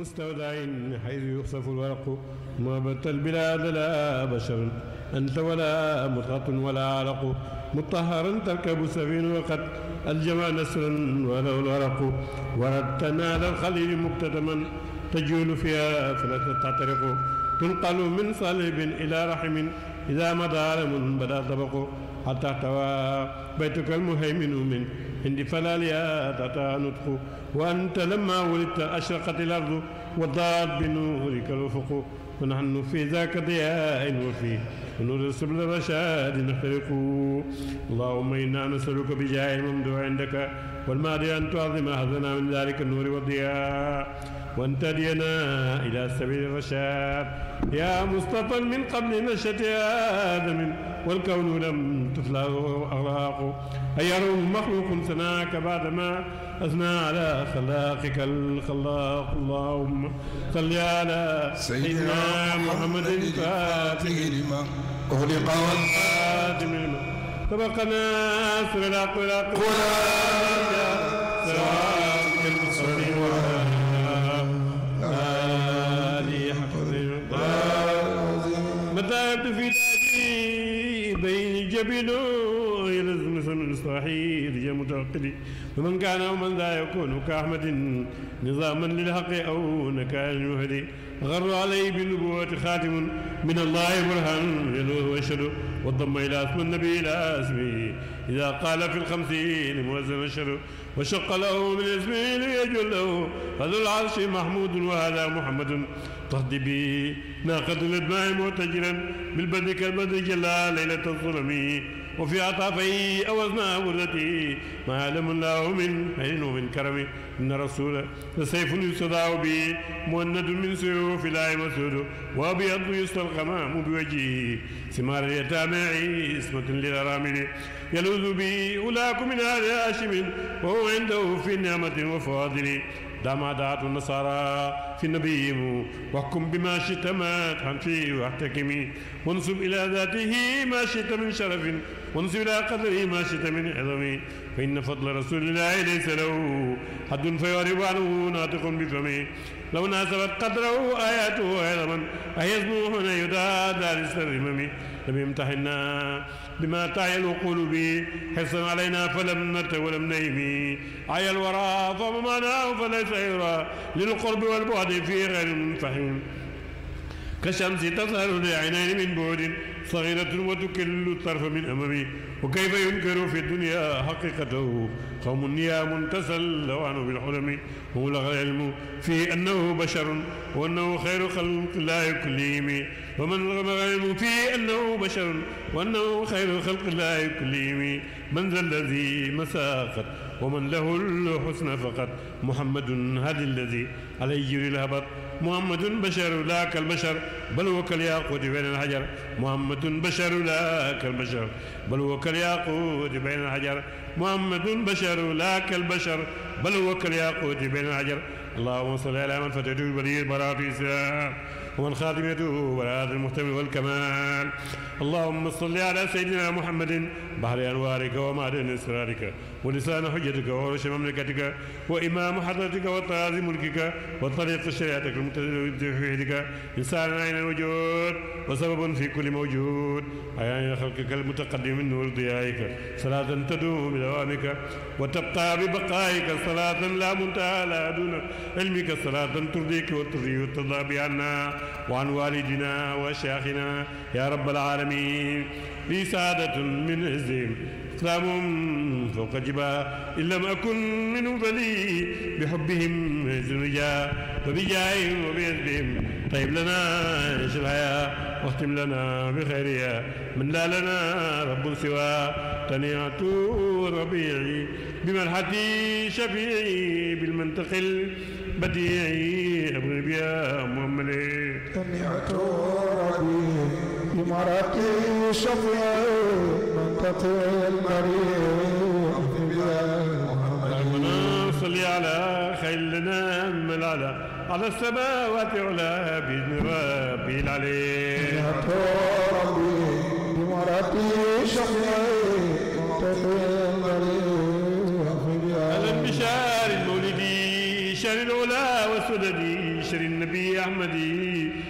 مستودع حيث يخسف الورق ما بت البلاد لا بشر أنت ولا مطهط ولا عرق مطهرا تركب سفين وقد الجمع نسرا ولو الورق وردت نال الخليل مكتتما تجول فيها فلا تعترق تنقل من صليب إلى رحم إذا ما ظالم بلا طبق حتى احتوى بيتك المهيمن من عند فلالها تتا نطق وأنت لما ولدت أشرقت الأرض وضاءت بنورك الأفق ونحن في ذاك ضياء وفي نور السبل الرشاد نخترق اللهم إنا نسألك بجاه الممدوح عندك والماضي أن تعظم أهلنا من ذلك النور والضياء وانتدينا إلى سبيل الرشاد يا مصطفى من قبل نشأة آدم والكون لم تفلغ أغلاقه أيروه مخلوق ثناك بعدما أثنى على خلاقك الخلاق اللهم صل على سيدنا محمد الفاتح لما أغلق والخاتم لما سبقنا سبق الأقوال سواء Yabinu وسيلة مثل الصحيح يا متوقدي فمن كان ومن ذا يكون كأحمد نظاما للحق أو نكال المهدي غر عليه بالنبوة خاتم من الله برهان يلوه ويشهد وضم إلى اسم النبي إلى اسمه إذا قال في الخمسين موزن الشر وشق له من اسمه ليجل له فذو العرش محمود وهذا محمد تهدي به ناقة الإدماء معتجرا بالبدر كالبدر جلا ليلة الظلم وفي عطافي أوزنا وردتي ما علم الله من حين ومن كرم إن رسول سيف يصدع به مهند من سيوف لا مسود وأبيض يستلقمام بوجهه ثمار اليتامى اسمة للأرامل يلوذ به أولاك من آل هاشم وهو عنده في نعمة وفاضل دامادات النصارى في نبيهم وحكم بما شئت ما تحن فيه واحتكمي وانصب إلى ذاته ما شئت من شرف ونزل إلى قدره ما شئت من عظمي فإن فضل رسول الله ليس له حد فيعرب عنه ناطق بفمه لو ناسبت قدره آياته عظما أيزموه هنا يدعى دار السرمم لم يمتحنا بما تعي القلوب حرصا علينا فلم نرت ولم نيم عي الورى فمعناه فليس يرى للقرب والبعد في غير منفهم كالشمس تظهر لعينين من بعد صغيرة وتكل الطرف من أمامي وكيف ينكر في الدنيا حقيقته قوم نيام تسلوا عنه بالحلم وبلغ العلم في أنه بشر وأنه خير خلق الله كلهم ومن بلغ العلم في أنه بشر وأنه خير خلق الله كلهم من ذا الذي مساقت ومن له الحسن فقط محمد هذا الذي عليه الهبط محمد بشر لا كالبشر بل هو كالياقوت بين الحجر محمد بشر لا كالبشر بل هو كالياقوت بين الحجر محمد بشر لا كالبشر بل هو كالياقوت بين الحجر اللهم صل على من فتحته بلي براءة الإسلام ومن خادمته براءة المحتمل والكمال اللهم صل على سيدنا محمد بحر أنوارك ومعدن إسرارك ولسان حجتك وعرش مملكتك وإمام حضرتك وطراز ملكك وطريق شريعتك المتحدك إنسان عين الوجود وسبب في كل موجود عيان خلقك المتقدم من نور ضيائك صلاة تدوم بدوامك وتبقى ببقائك صلاة لا منتهى لا دون علمك صلاة ترضيك وترضي وترضى بنا وعن والدنا وشيخنا يا رب العالمين لي سعادة من عزهم أقدام فوق جبا إن لم أكن منهم بلي بحبهم عز الوجاه فبجاههم وبيدهم طيب لنا عيش الحياة واختم لنا بخيرها من لا لنا رب سوى تنعت ربيعي بمنحتي شفيعي بالمنطق البديعي أبغي بها محمد تنعت ربيعي بمرتي شفيع منتقي المريض صلي على خيلنا من العلا على السماوات علا بإذن ربي العلي يا ربي بمرتي شفيع منتقي المريض ألم بشار المولدي شر العلا وسددي شر النبي أحمدي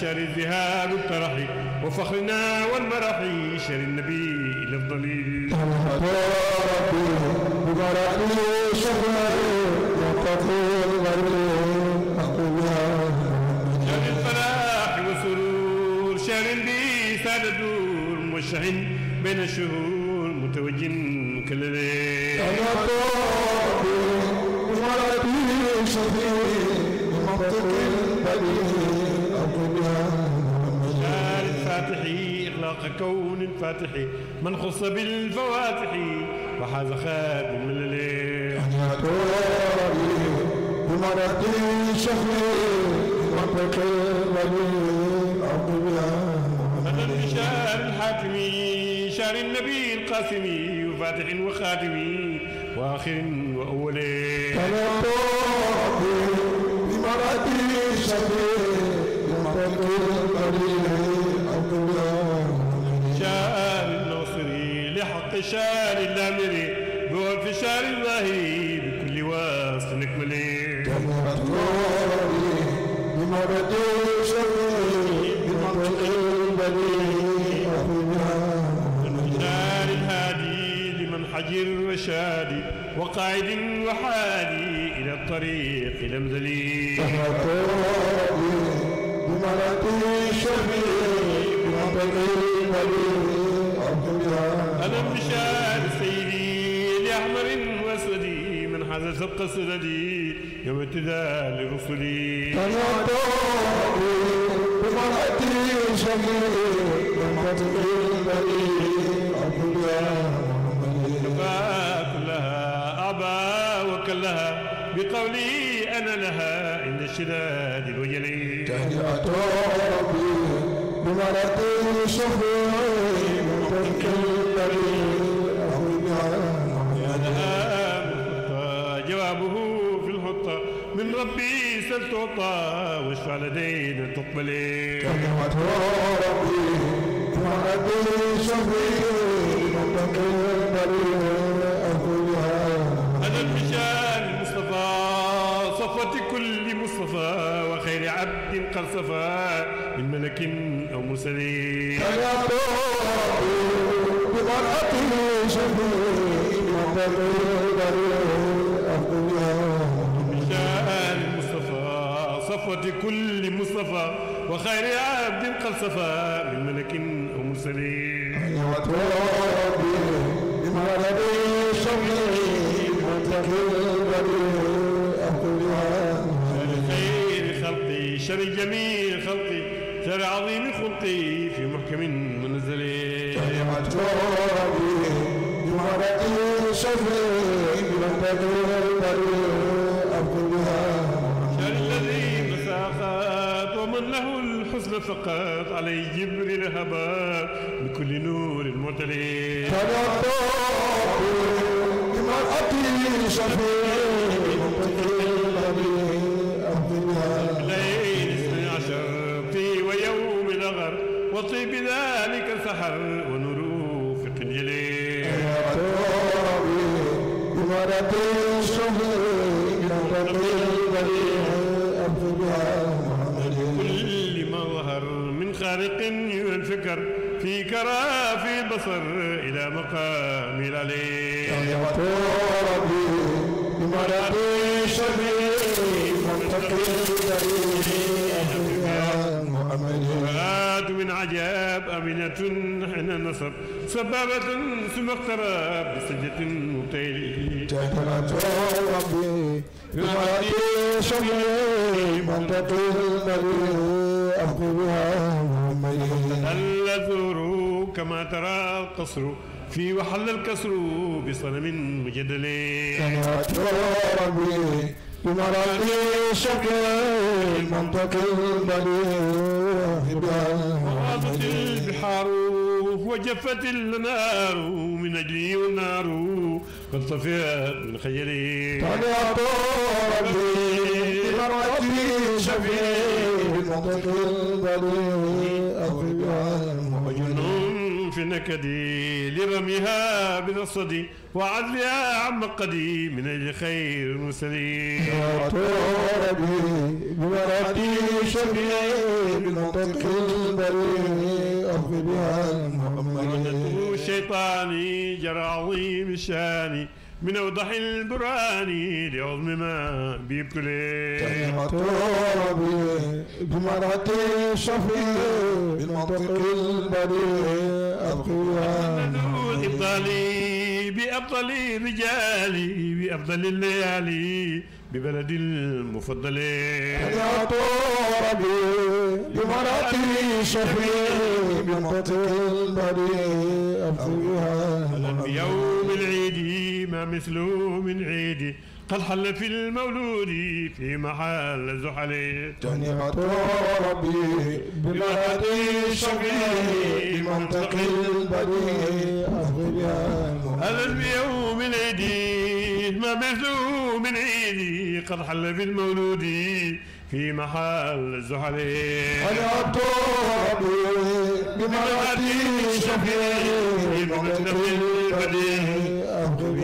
شر الذهاب الترحي وفخرنا والمرحي شر النبي الافضل وبرحي شكره وقفوا الغرب أقوى شر الفرح وسرور بين الشهور متوجن كل ليل أنا طاقي شفيع منطق البديع خلق كون فاتح من خص بالفواتح وحاز خادم من الليل ومرأتي شهري وبقي ولي عقبها أنا بشار الحاكم شار النبي القاسم وفاتح وخاتم وآخر وأول تنطق بمرأتي شهري وبقي ولي انفشال الأمر وانفشال النهي بكل واسط نكمله دمرت قولي بمرض شري الهادي لمن حجر وشادي وقاعد وحادي إلى الطريق الأمثلي دمرت قولي بمرض شري بمنطق البلي سبق سندي يوم ابتداء لرسلي فنادوني بمرأتي شهير من قتل البريء كلها أبا وكلها بقولي أنا لها إن الشداد الوجلي تهنئة ربي بمرأتي شهير من ربي سل وش واشفع لدينا تقبلي كلمات ربي وأبي شفيعي متقي الطريق أهلها أنا الهشام المصطفى صفوة كل مصطفى وخير عبد من ملك أو مرسلين ربي صفوة كل مصطفى وخير عبد قد صفى من ملك أو مرسلين خير خلقي شر جميل خلقي شر عظيم خلقي في محكم منزلي كلمة ربي بمرض شفيعي منتقل بديع الحسن فقط علي جبريل الهباء بكل نور المرتلي تنظر بمرأتي شفيع كرى في البصر إلى مقام العلي يا ربي بمرضي شفيعي مراد من عجاب أمنة حين النصر سبابة ثم اقترب بسجة مبتلي تهتمت ربي بمرضي شفيعي منطقي المريء أخذ بها محمد كما ترى القصر في وحل الكسر بصنم مجدل بمراقي شكل المنطق البليغ وغاضت البحار وجفت النار من اجلي والنار قد طفئت من خجلي طلعت ربي بمراقي شفيع المنطق البليغ نكدي لرميها بالصدي وعدلها عم قدي من الخير خير يا ربي بورقي شبيعي بنطق البريء اخذ بها المحمد شيطاني جرى عظيم الشاني من أوضح البرهان لعظم ما بيبكلي طيب، بمرات الشفيع بالمنطق إبطالي رجالي بأفضل الليالي ببلدي المفضلة يا طوربي بمراتي شفيع من قتل البريء أبقيها اليوم العيد ما مثله من عيدي قد حل في المولود في محل زحل تهنئة ربي بمهدي الشفيع بمنطق البديع هذا بيوم العيد ما مزلوم من عيدي قد حل في المولود في محل الزحلي هنئة ربي بمهدي الشفيع بمنطق البديع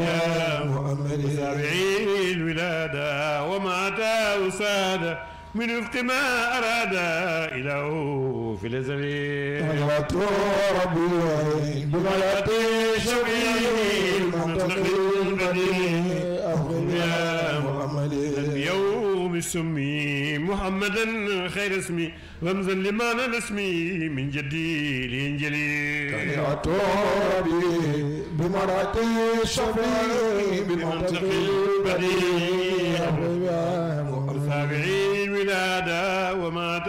أهلا وسابعي الولادة ومات وسادة من وفق ما أراد إله في الأزل ربي يا محمد بسمي محمدا خير اسمي رمزا لما اسمي من جدي لانجلي تهيئة ربي بمرأة شفيع بمنطقي البديع سابعين ولادة ومات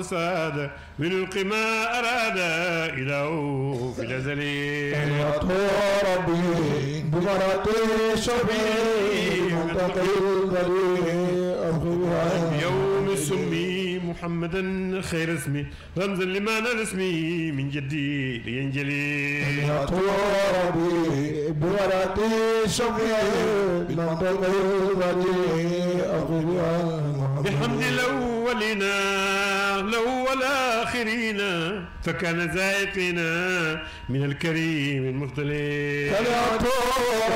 أسادة من القمى أراد إله في الأزلي تهيئة ربي بمراتي شفيع بمنطق البديع يوم سمي محمدا خير اسمي رمزا لمعنى اسمي من جدي لينجلي يا طوابي بوراتي شمي بحمد الأولين له والآخرين فكان زائقنا من الكريم المفضلين فلا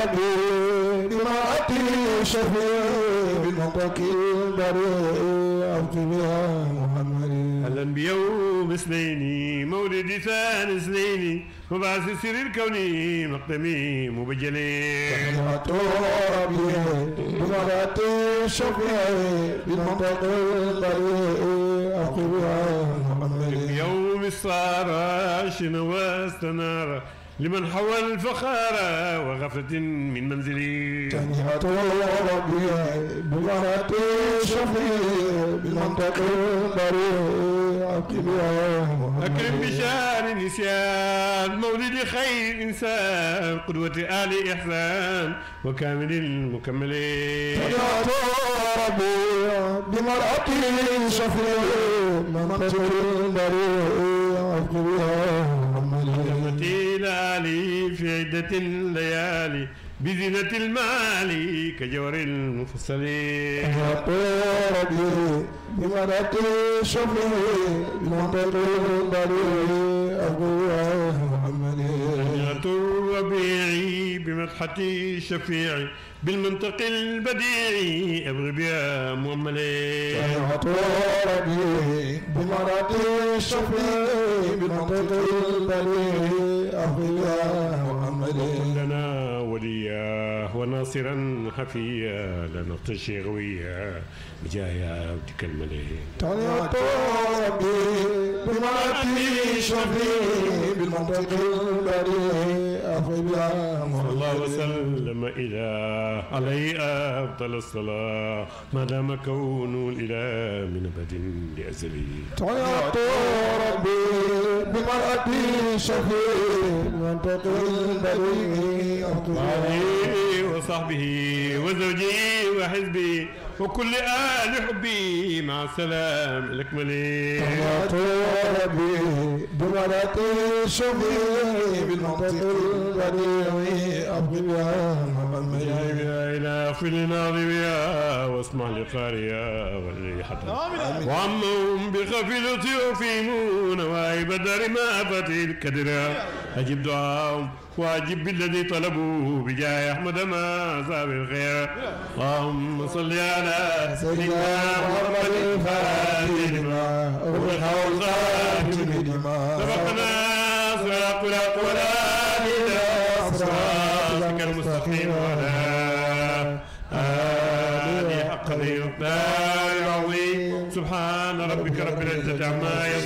ربي أتي شفيع بالمطلق البريء عبد محمد أهلا بيوم اثنين مولد ثاني اثنين وباس سرير كوني مقدمي مبجلي رحمة ربي بمراتي شفيع بالمنطق القرية أقوى محمد يوم الصار شنو واستنار لمن حول الفخارة وغفلة من منزلي تنهة ربي بمرة شفيع بمنطق بريع أكرم بشار النسيان مولد خير إنسان قدوة آل إحسان وكامل المكملين تنهة ربي بمرأة شفيع بمنطق بريع أكرمها ولمتي الالي في عده الليالي بزينة المال كجور المفسدين أقول بمرة شفه منتظر ضروري أبوه محمد نجاة الربيع بمدحة شفيعي بالمنطق البديع أبغي بيا مؤملي نجاة ربيع بمرة شفيعي بالمنطق البديع أبغي بيا مؤملي وليا آه، وناصرا خفيا لنبطش غويا بجايا وديك الملايين تعني طبي بمعتي شفي بالمنطق البريء صلى الله وسلم إلى علي أفضل الصلاة ما دام كون الإله من أبد لأزلي تعالى ربي بمرأتي شفي بالمنطق البريء وأهلي وصحبي وزوجي وحزبي وكل آل حبي مع السلام لك مليك ربي بمناطق شبي بالمنطق البديع أبو يا محمد يا إله الناظم يا واسمع لقاريا واللي حتى وعمهم بخفيلة يوفيمون وعيب الدار ما فاتي الكدر أجيب دعاهم واجب بالذي طلبوه بجاه احمد ما صاب الخير اللهم صل على سيدنا محمد فاتح لما وبالحوض لما سبقنا صراط الاقوال الى صراطك المستقيم ولا آل حق ذي العظيم سبحان ربك رب العزه عما يصفون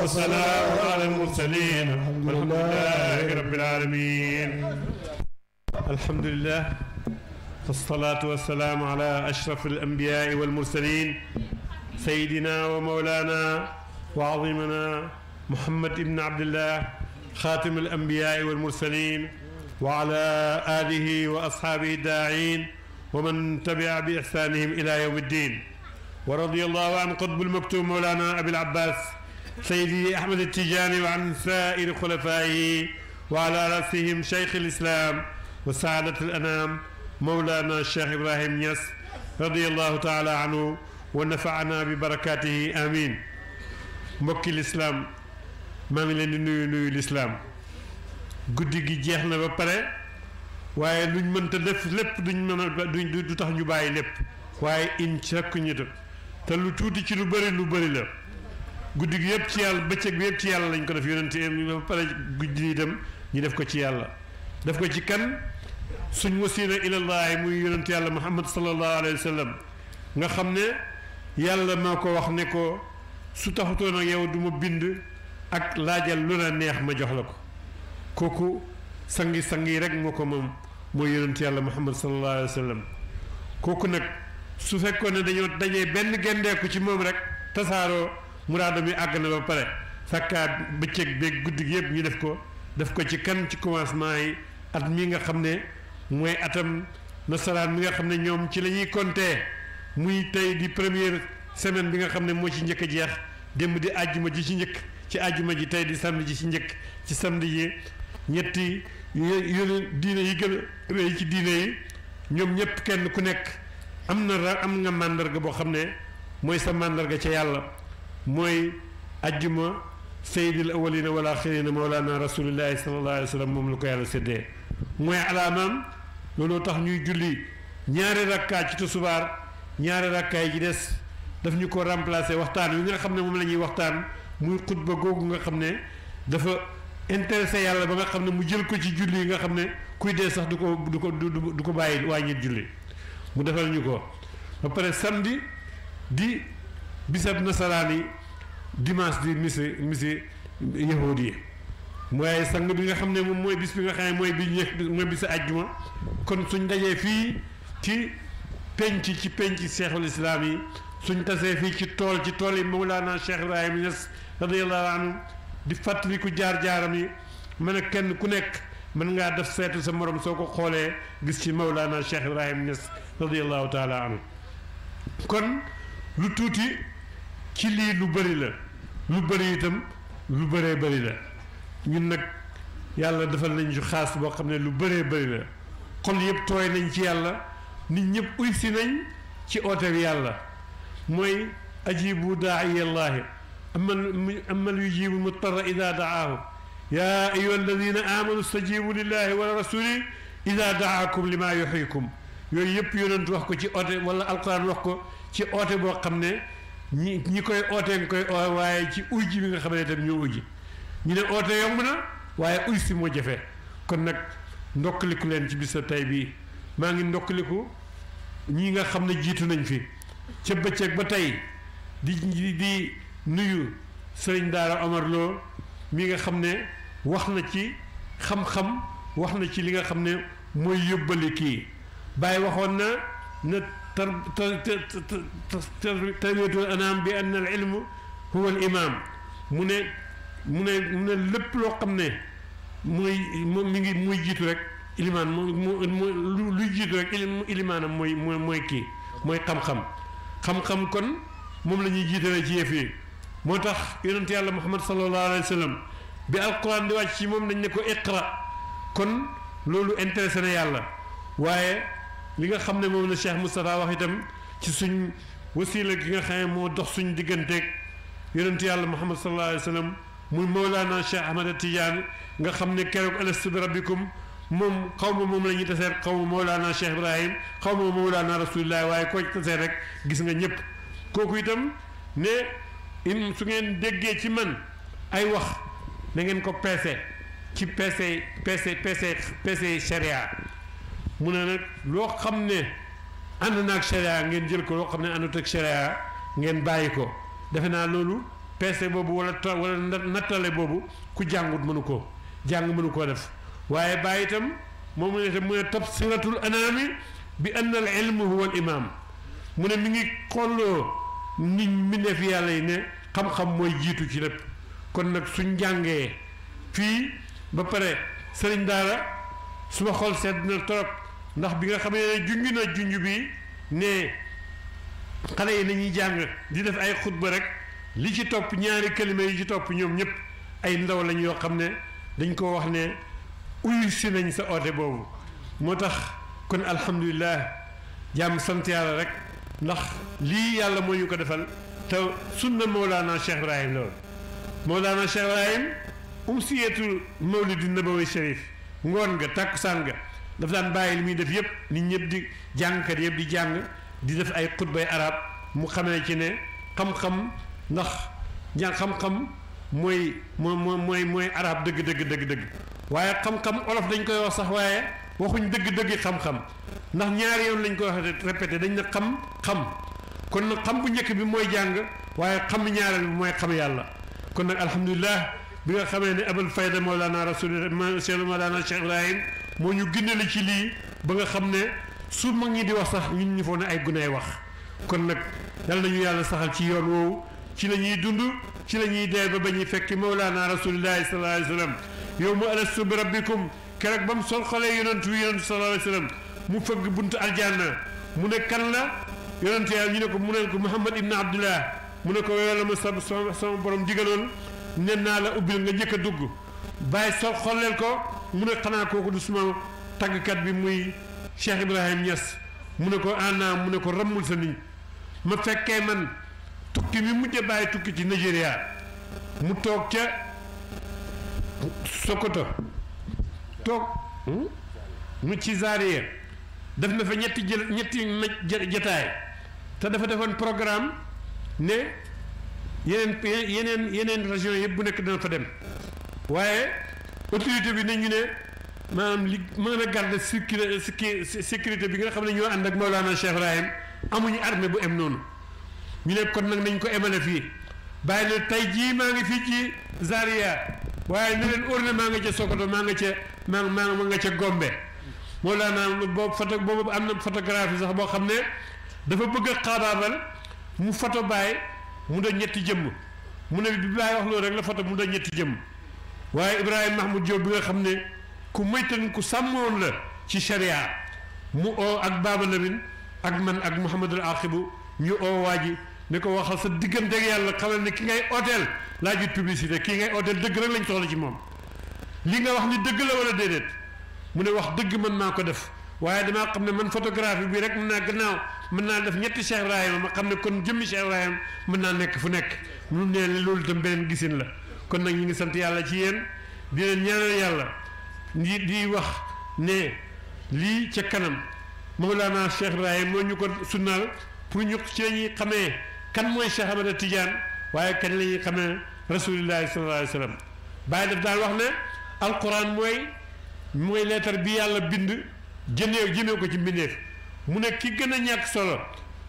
والسلام على المرسلين والحمد لله رب العالمين الحمد لله والصلاة والسلام على أشرف الأنبياء والمرسلين سيدنا ومولانا وعظيمنا محمد بن عبد الله خاتم الأنبياء والمرسلين وعلى آله وأصحابه الداعين ومن تبع بإحسانهم إلى يوم الدين ورضي الله عن قطب المكتوم مولانا أبي العباس سيدي احمد التجاني وعن سائر خلفائه وعلى راسهم شيخ الاسلام وسعادة الانام مولانا الشيخ ابراهيم يس رضي الله تعالى عنه ونفعنا ببركاته امين مكي الاسلام مامي لين نوي نوي الاسلام غودي جي جيخنا با بري واي لوني مانتا ديف ليب دوني مانا دوني دو تخ ني باي ليب واي ان تشك نيتو تا لو توتي سي لو بري لو بري لا guddi gi yëpp ci yàlla bëccëg bi yëpp ci yàlla lañ ko def yonent yi ba pare guddi dem ñu def ko ci yàlla def ko ci kan suñ wasiila ilallaah muy yonent yàlla muhammad sallallahu alayhi wa nga xam ne yàlla maa ko wax ne ko su taxutoon ak yow du ma bind ak laajal lu la neex ma jox la ko kooku sangi sangi rek moo ko moom mooy yonent yàlla muhammad sallallahu alayhi kooku nag su fekkoon ne dañoo dajee benn gendeeku ci moom rek tasaaroo muraada mi àgg na ba pare sakkaat bëccëg beeg guddi gi yëpp ñu def ko def ko ci kan ci commencement yi at mi nga xam ne mooy atam nasaraan mi nga xam ne ñoom ci la ñuy compter muy tey di première semaine bi nga xam ne moo ci njëkk jeex démb di àjjuma ji ci njëkk ci àjjuma ji tey di samedi ji ci njëkk ci samedi yi ñetti yéen diine yi gën a rëy ci diine yi ñoom ñëpp kenn ku nekk am na ra am nga màndarga boo xam ne mooy sa màndarga ca yàlla mooy ajjuma sayyidil awalina wal axirina mawlana rasulillahi sallallahu alayhi wa sallam moom la ko yàlla séddee mooy alaamaam looloo tax ñuy julli ñaari rakkaat ci tusubaar ñaari rakkaay ji des daf ñu ko remplacer waxtaan wi nga xam ne moom la ñuy waxtaan muy ba googu nga xam ne dafa intéressé yàlla ba nga xam ne mu jël ko ci julli yi nga xam ne kuy dee sax du ko du ko du ko bàyyi wàññi julli mu defal ñu ko ba pare samedi di bisab nasaraan yi dimanche di misi misi yahudi yi mooy sang bi nga xam ne moom mooy bis bi nga xam ne mooy bi ñë mooy bisu àjjuma kon suñ dajee fii ci penc ci penc cheikhul islam yi suñ tasee fii ci tool ci tool yi Mawlana Cheikh Ibrahim Niass radiyallahu anhu di fàttaliku jaar-jaaram yi mën a kenn ku nekk mën ngaa def seetu sa morom soo ko xoolee gis ci Mawlana Cheikh Ibrahim Niass radiyallahu taala anhu kon lu tuuti. ci lii lu bëri la lu bëri itam lu bëree bëri la ñun nag yàlla defal nañ ñu xaas boo xam ne lu bëree bëri la xol yëpp tooy nañ ci yàlla nit ñëpp uy si nañ ci oote bi yàlla mooy ajibu daaiyallahi aman aman yujibu mutarra ida daahu ya ayuha alladina amanu stajibu lillahi wala rasuli ida daakum lima yuxiikum yooyu yëpp yonent wax ko ci oote wala alquran wax ko ci oote boo xam ne ñi ñi koy ootee nga koy oo waaye ci uj bi nga xam ne itam ñoo uj ñu ne oote yomb na waaye uj si moo jafe kon nag ndokkaliku leen ci bisa tey bii maa ngi ndokkaliku ñi nga xam ne jiitu nañ fi ca bëccëg ba tey di di nuyu sëriñ daara Omar Lo mi nga xam ne wax na ci xam-xam wax na ci li nga xam ne mooy yóbbali kii bàyyi waxoon na na تريد الانام بان العلم هو الامام من من من لب لو خمنه موي ميغي موي جيت رك الايمان موي لو جيت رك الايمان موي موي موي كي موي خم خم خم خم كون موم لا ني جيت ري سي يفي موتاخ يونت يالله محمد صلى الله عليه وسلم بالقران دي واتي موم نكو اقرا كون لولو انتريسنا يالله وايه li nga xam ne moom la Cheikh Moustapha wax itam ci suñu wasiila gi nga xam ne moo dox suñu suñ digganteeg yonent yàlla Muhammad sallallahu alayhi wa sallam muy Mawlaana Cheikh Ahmad Tidiane nga xam ne keroog alastu bi rabbikum moom xaw ma moom la ñuy taseet xaw ma Mawlaana Cheikh Ibrahim xaw ma Mawlaana Rasulullah waaye koo ci taseet rek gis nga ñëpp kooku itam ne in su ngeen déggee ci man ay wax na ngeen ko peese ci peese peese peese peese sharia mu ne nag loo xam ne ànd naag sharia ngeen jël ko loo xam ne àndut ak sharia ngeen bàyyi ko defe naa loolu peese boobu wala ta wala nattale boobu ku jàngut mënu ko jàng mënu koo def waaye bàyyi itam moom mu ne itam mu ne tabsiratul anaami bi ann al ilmu huwa al imaam mu ne mi ngi xolloo nit mi yàlla yi ne xam-xam mooy jiitu ci lépp kon nag suñ jàngee fii ba pare sëriñ daara su ma xool sedd na trop ndax bi nga xamee ne junj na junj bi ne xale yi nañuy jàng di def ay xutba rek li ci topp ñaari kalima yi ci topp ñoom ñëpp ay ndaw lañ yoo xam ne dañ ko wax ne uyu si nañ sa oote boobu moo tax kon alhamdulilah jàmm sant yàlla rek ndax lii yàlla moo ñu ko defal te sunna Mawlana Cheikh Ibrahim loolu Mawlana Cheikh Ibrahim umsiyetu mawlidu nabawi sharif ngoon nga tàkkusaan nga daf daan bàyyi li muy def yëpp nit ñëpp di jànkat yëpp di jàng di def ay xutbay arab mu xamee ci ne xam-xam ndax jàng xam-xam mooy mooy mooy mooy arab dëgg dëgg dëgg dëgg waaye xam-xam olof dañ koy wax sax waaye waxuñ dëgg dëgg xam-xam ndax ñaari yoon lañ koy wax répété dañ na xam xam kon nag xam bu njëkk bi mooy jàng waaye xam ñaareel bi mooy xam yàlla kon nag alhamdulilah bi nga xamee ne abul fayda maulana rasulillah maulana cheikh ibrahim moo ñu gindale ci lii ba nga xam ne su mag ñi di wax sax ñun ñu foog ne ay guney wax kon nag dal nañu yàlla saxal ci yoon woowu ci la ñuy dund ci la ñuy dee ba ba ñuy fekk mawlaana rasulillahi sallallahu alayhi wa sallam yow mu alastu bi rabbikum keroog ba sol xale yonent bi yonent sallallahu alayhi mu fëgg buntu aljanna mu ne kan la yonent yàlla ñu ne ko mu ne ko Muhammad ibn Abdullah mu ne ko yàlla ma sama sama borom digaloon nen naa la ubbil nga jëkk dugg bàyyi sol xolleel ko mu ne xanaa kooku du suma tàggkat bi muy Cheikh Ibrahim Niass mu ne ko ana ah mu ne ko rammul sa niñ ma fekkee man tukki mi mujj bàyyi tukki ci Nigeria mu toog ca Sokoto toog hmm? mu ci Zaria def na fa ñetti jël ñetti jataay te dafa defoon programme ne yeneen yeneen yeneen région yëpp bu nekk dana fa dem waaye autorité bi nañu ne maanaam li mën garder sécurité bi nga xam ñoo ànd ak Maulana Cheikh Ibrahim amuñu armée bu em noonu ñu ne kon nag nañ ko emale fii bàyyi leen tey jii maa ngi ci Zaria waaye ne leen óor na nga ca Sokoto maa nga ca maa ma nga ca Gombe Maulana boobu photo boobu am photographie sax boo xam dafa bëgg a mu photo Baye mu doon ñetti jëmm mu ne bi bay wax lo rek la photo mu do ñetti jëm waaye Ibrahima Mahmoud Diop bi nga xam ne ku moytan ku sàmmoon la ci sharia mu oo ak Baba Lamine ak man ak Mouhamadul Aqibu ñu oo waa ji ne ko waxal sa diggante ak yàlla xamal ne ki ngay ooteel laajut publicité kii ngay ooteel dëgg rek lañ soxla ci moom li nga wax ni dëgg la wala déedéet mu ne wax dëgg mën naa ko def waaye damaa xam ne man photographie bi rek mën naa gannaaw mën naa def ñetti Cheikh Ibrahima ma xam ne kon jëmmi Cheikh Ibrahima mën naa nekk fu nekk mu ne loolu itam beneen gisin la kon nag ñu ngi sant yàlla ci yéen di leen yàlla di di wax ne lii ca kanam Mawlana Cheikh Ibrahim moo ñu ko sunnaal pour ñu ci la ñuy xamee kan mooy Cheikh Ahmada Tidiane waaye kan la ñuy xamee rasulillahi sallallahu alayhi wa sallam bàyyi daf daan wax ne alquran mooy mooy leetar bi yàlla bind jëndee jëmee ko ci mbindeef mu ne ki gën a ñàkk solo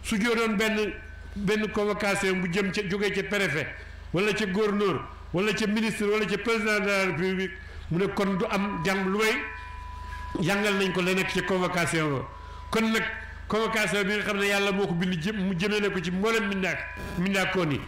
su joo doon benn benn convocation bu jëm ca jógee ca préfet wala ca góor gouverneur wala ca ministre wala ca président de la république mu ne kon du am jàmm lu may jàngal nañ ko la nekk ci convocation ba kon nag convocation bi nga xam ne yàlla moo ko bind jëm mu jëmee ne ko ci mboolem mindaak mindaakoon yi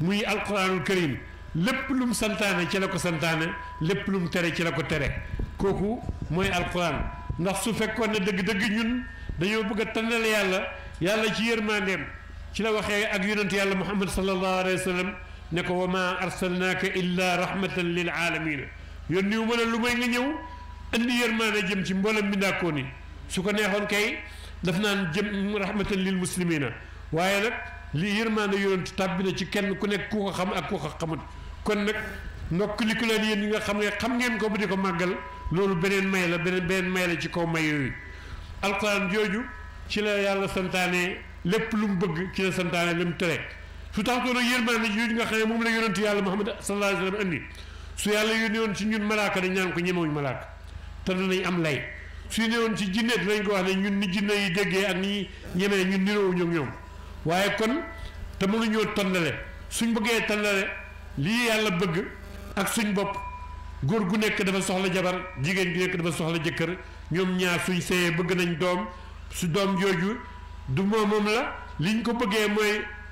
muy alquranul karim lépp lu mu santaane ci la ko santaane lépp lu mu tere ci la ko tere kooku mooy alquran ndax su fekkoon ne dëgg-dëgg ñun dañoo bëgg a tànnal yàlla yàlla ci yërmandeem ci la waxee ak yonent yàlla muhammad sallallahu alayhi نكو وما أرسلناك إلا رحمة للعالمين يوني ولا لومي نيو اندي يرمانا جيم سي مبولم بي داكوني سوكو نيهون كاي دافنا جيم رحمة للمسلمين وايي نك لي يرمانا يونت تابينا سي كين كو نيك كوكو خام اك كوكو خامت كون نك نوك لي كولا لي نيغا خام نيي خام نين كو بودي كو ماغال لولو بنين ماي لا بنين بنين ماي لا سي كو ماي القران جوجو سي لا يالا سانتاني لپ لوم بڬ سي لا سانتاني لم تريك su taxatoo nag yërmande yooyu nga xam moom la yonentu yàlla Muhammad sallallahu alayhi wa sallam andi su yàlla yónnee woon ci ñun malaaka dañ naan ko ñemewuñ malaaka te danañ am lay su yónnee woon ci jinne dinañ ko wax ne ñun ni jinne yi déggee ak ni ñemee ñun niroowuñ ñoom ñoom waaye kon te mënuñoo tànnale suñ bëggee tànnale lii yàlla bëgg ak suñ bopp góor gu nekk dafa soxla jabar jigéen gu nekk dafa soxla jëkkër ñoom ñaar suñ seeyee bëgg nañ doom su doom jooju du moom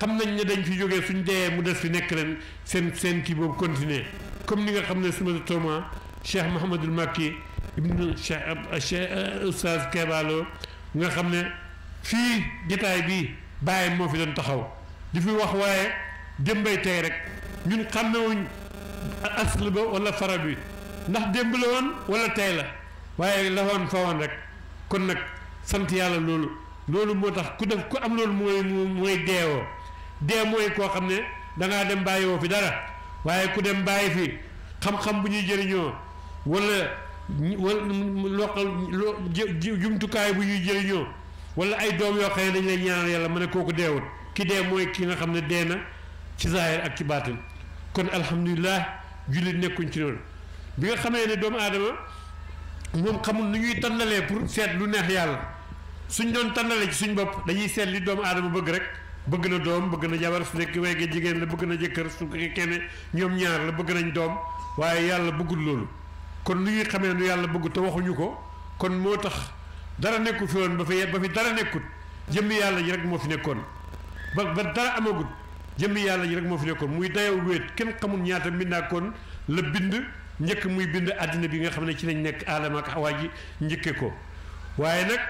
xam nañ ne dañ fi jógee suñ dee mu des fi nekk ren seen seen kii boobu continuer comme ni nga xam ne suma tooma Cheikh Mouhamadul Makki ibnu Cheikh Cheikh Oustaz Kebaalo nga xam ne fii jotaay bi bàyyi moo fi doon taxaw di fi wax waaye démbay tey rek ñun xàmmewuñ asl ba wala fara bi ndax démb la woon wala tey la waaye la woon fa woon rek kon nag sant yàlla loolu loolu moo tax ku def ku am loolu mooy mooy deewoo dee mooy koo xam ne dangaa dem bàyyiwoo woo fi dara waaye ku dem bàyyi fi xam-xam bu ñuy jëriñoo wala wala loo jumtukaay bu ñuy jëriñoo wala ay doom yoo xam ne dañ lay ñaanal yàlla ma ne kooku deewul ki dee mooy ki nga xam ne dee na ci zaahir ak ci baatin kon alhamdulilah jullit nekkuñ ci loolu bi nga xamee ne doomu aadama moom xamul nu ñuy tànnalee pour seet lu neex yàlla suñ doon tànnalee ci suñ bopp dañuy seet li doomu aadama bëgg rek bëgg na doom bëgg na jabar su nekk weege jigéen la bëgg na jëkkër su nekkee kenn ñoom ñaar la bëgg nañu doom waaye yàlla bëggul loolu kon lu ñuy xamee nu yàlla bëgg te waxuñu ko kon moo tax dara nekku fi woon ba fi ba dara nekkut jëmmi yàlla ji rek moo fi nekkoon ba ba dara amagut yàlla ji rek moo fi nekkoon muy dayaw wéet kenn xamul ñaata mbindaakoon la bind njëkk muy bind àddina bi nga xam ne ci lañ nekk aadama ak xawaa ji njëkke ko waaye nag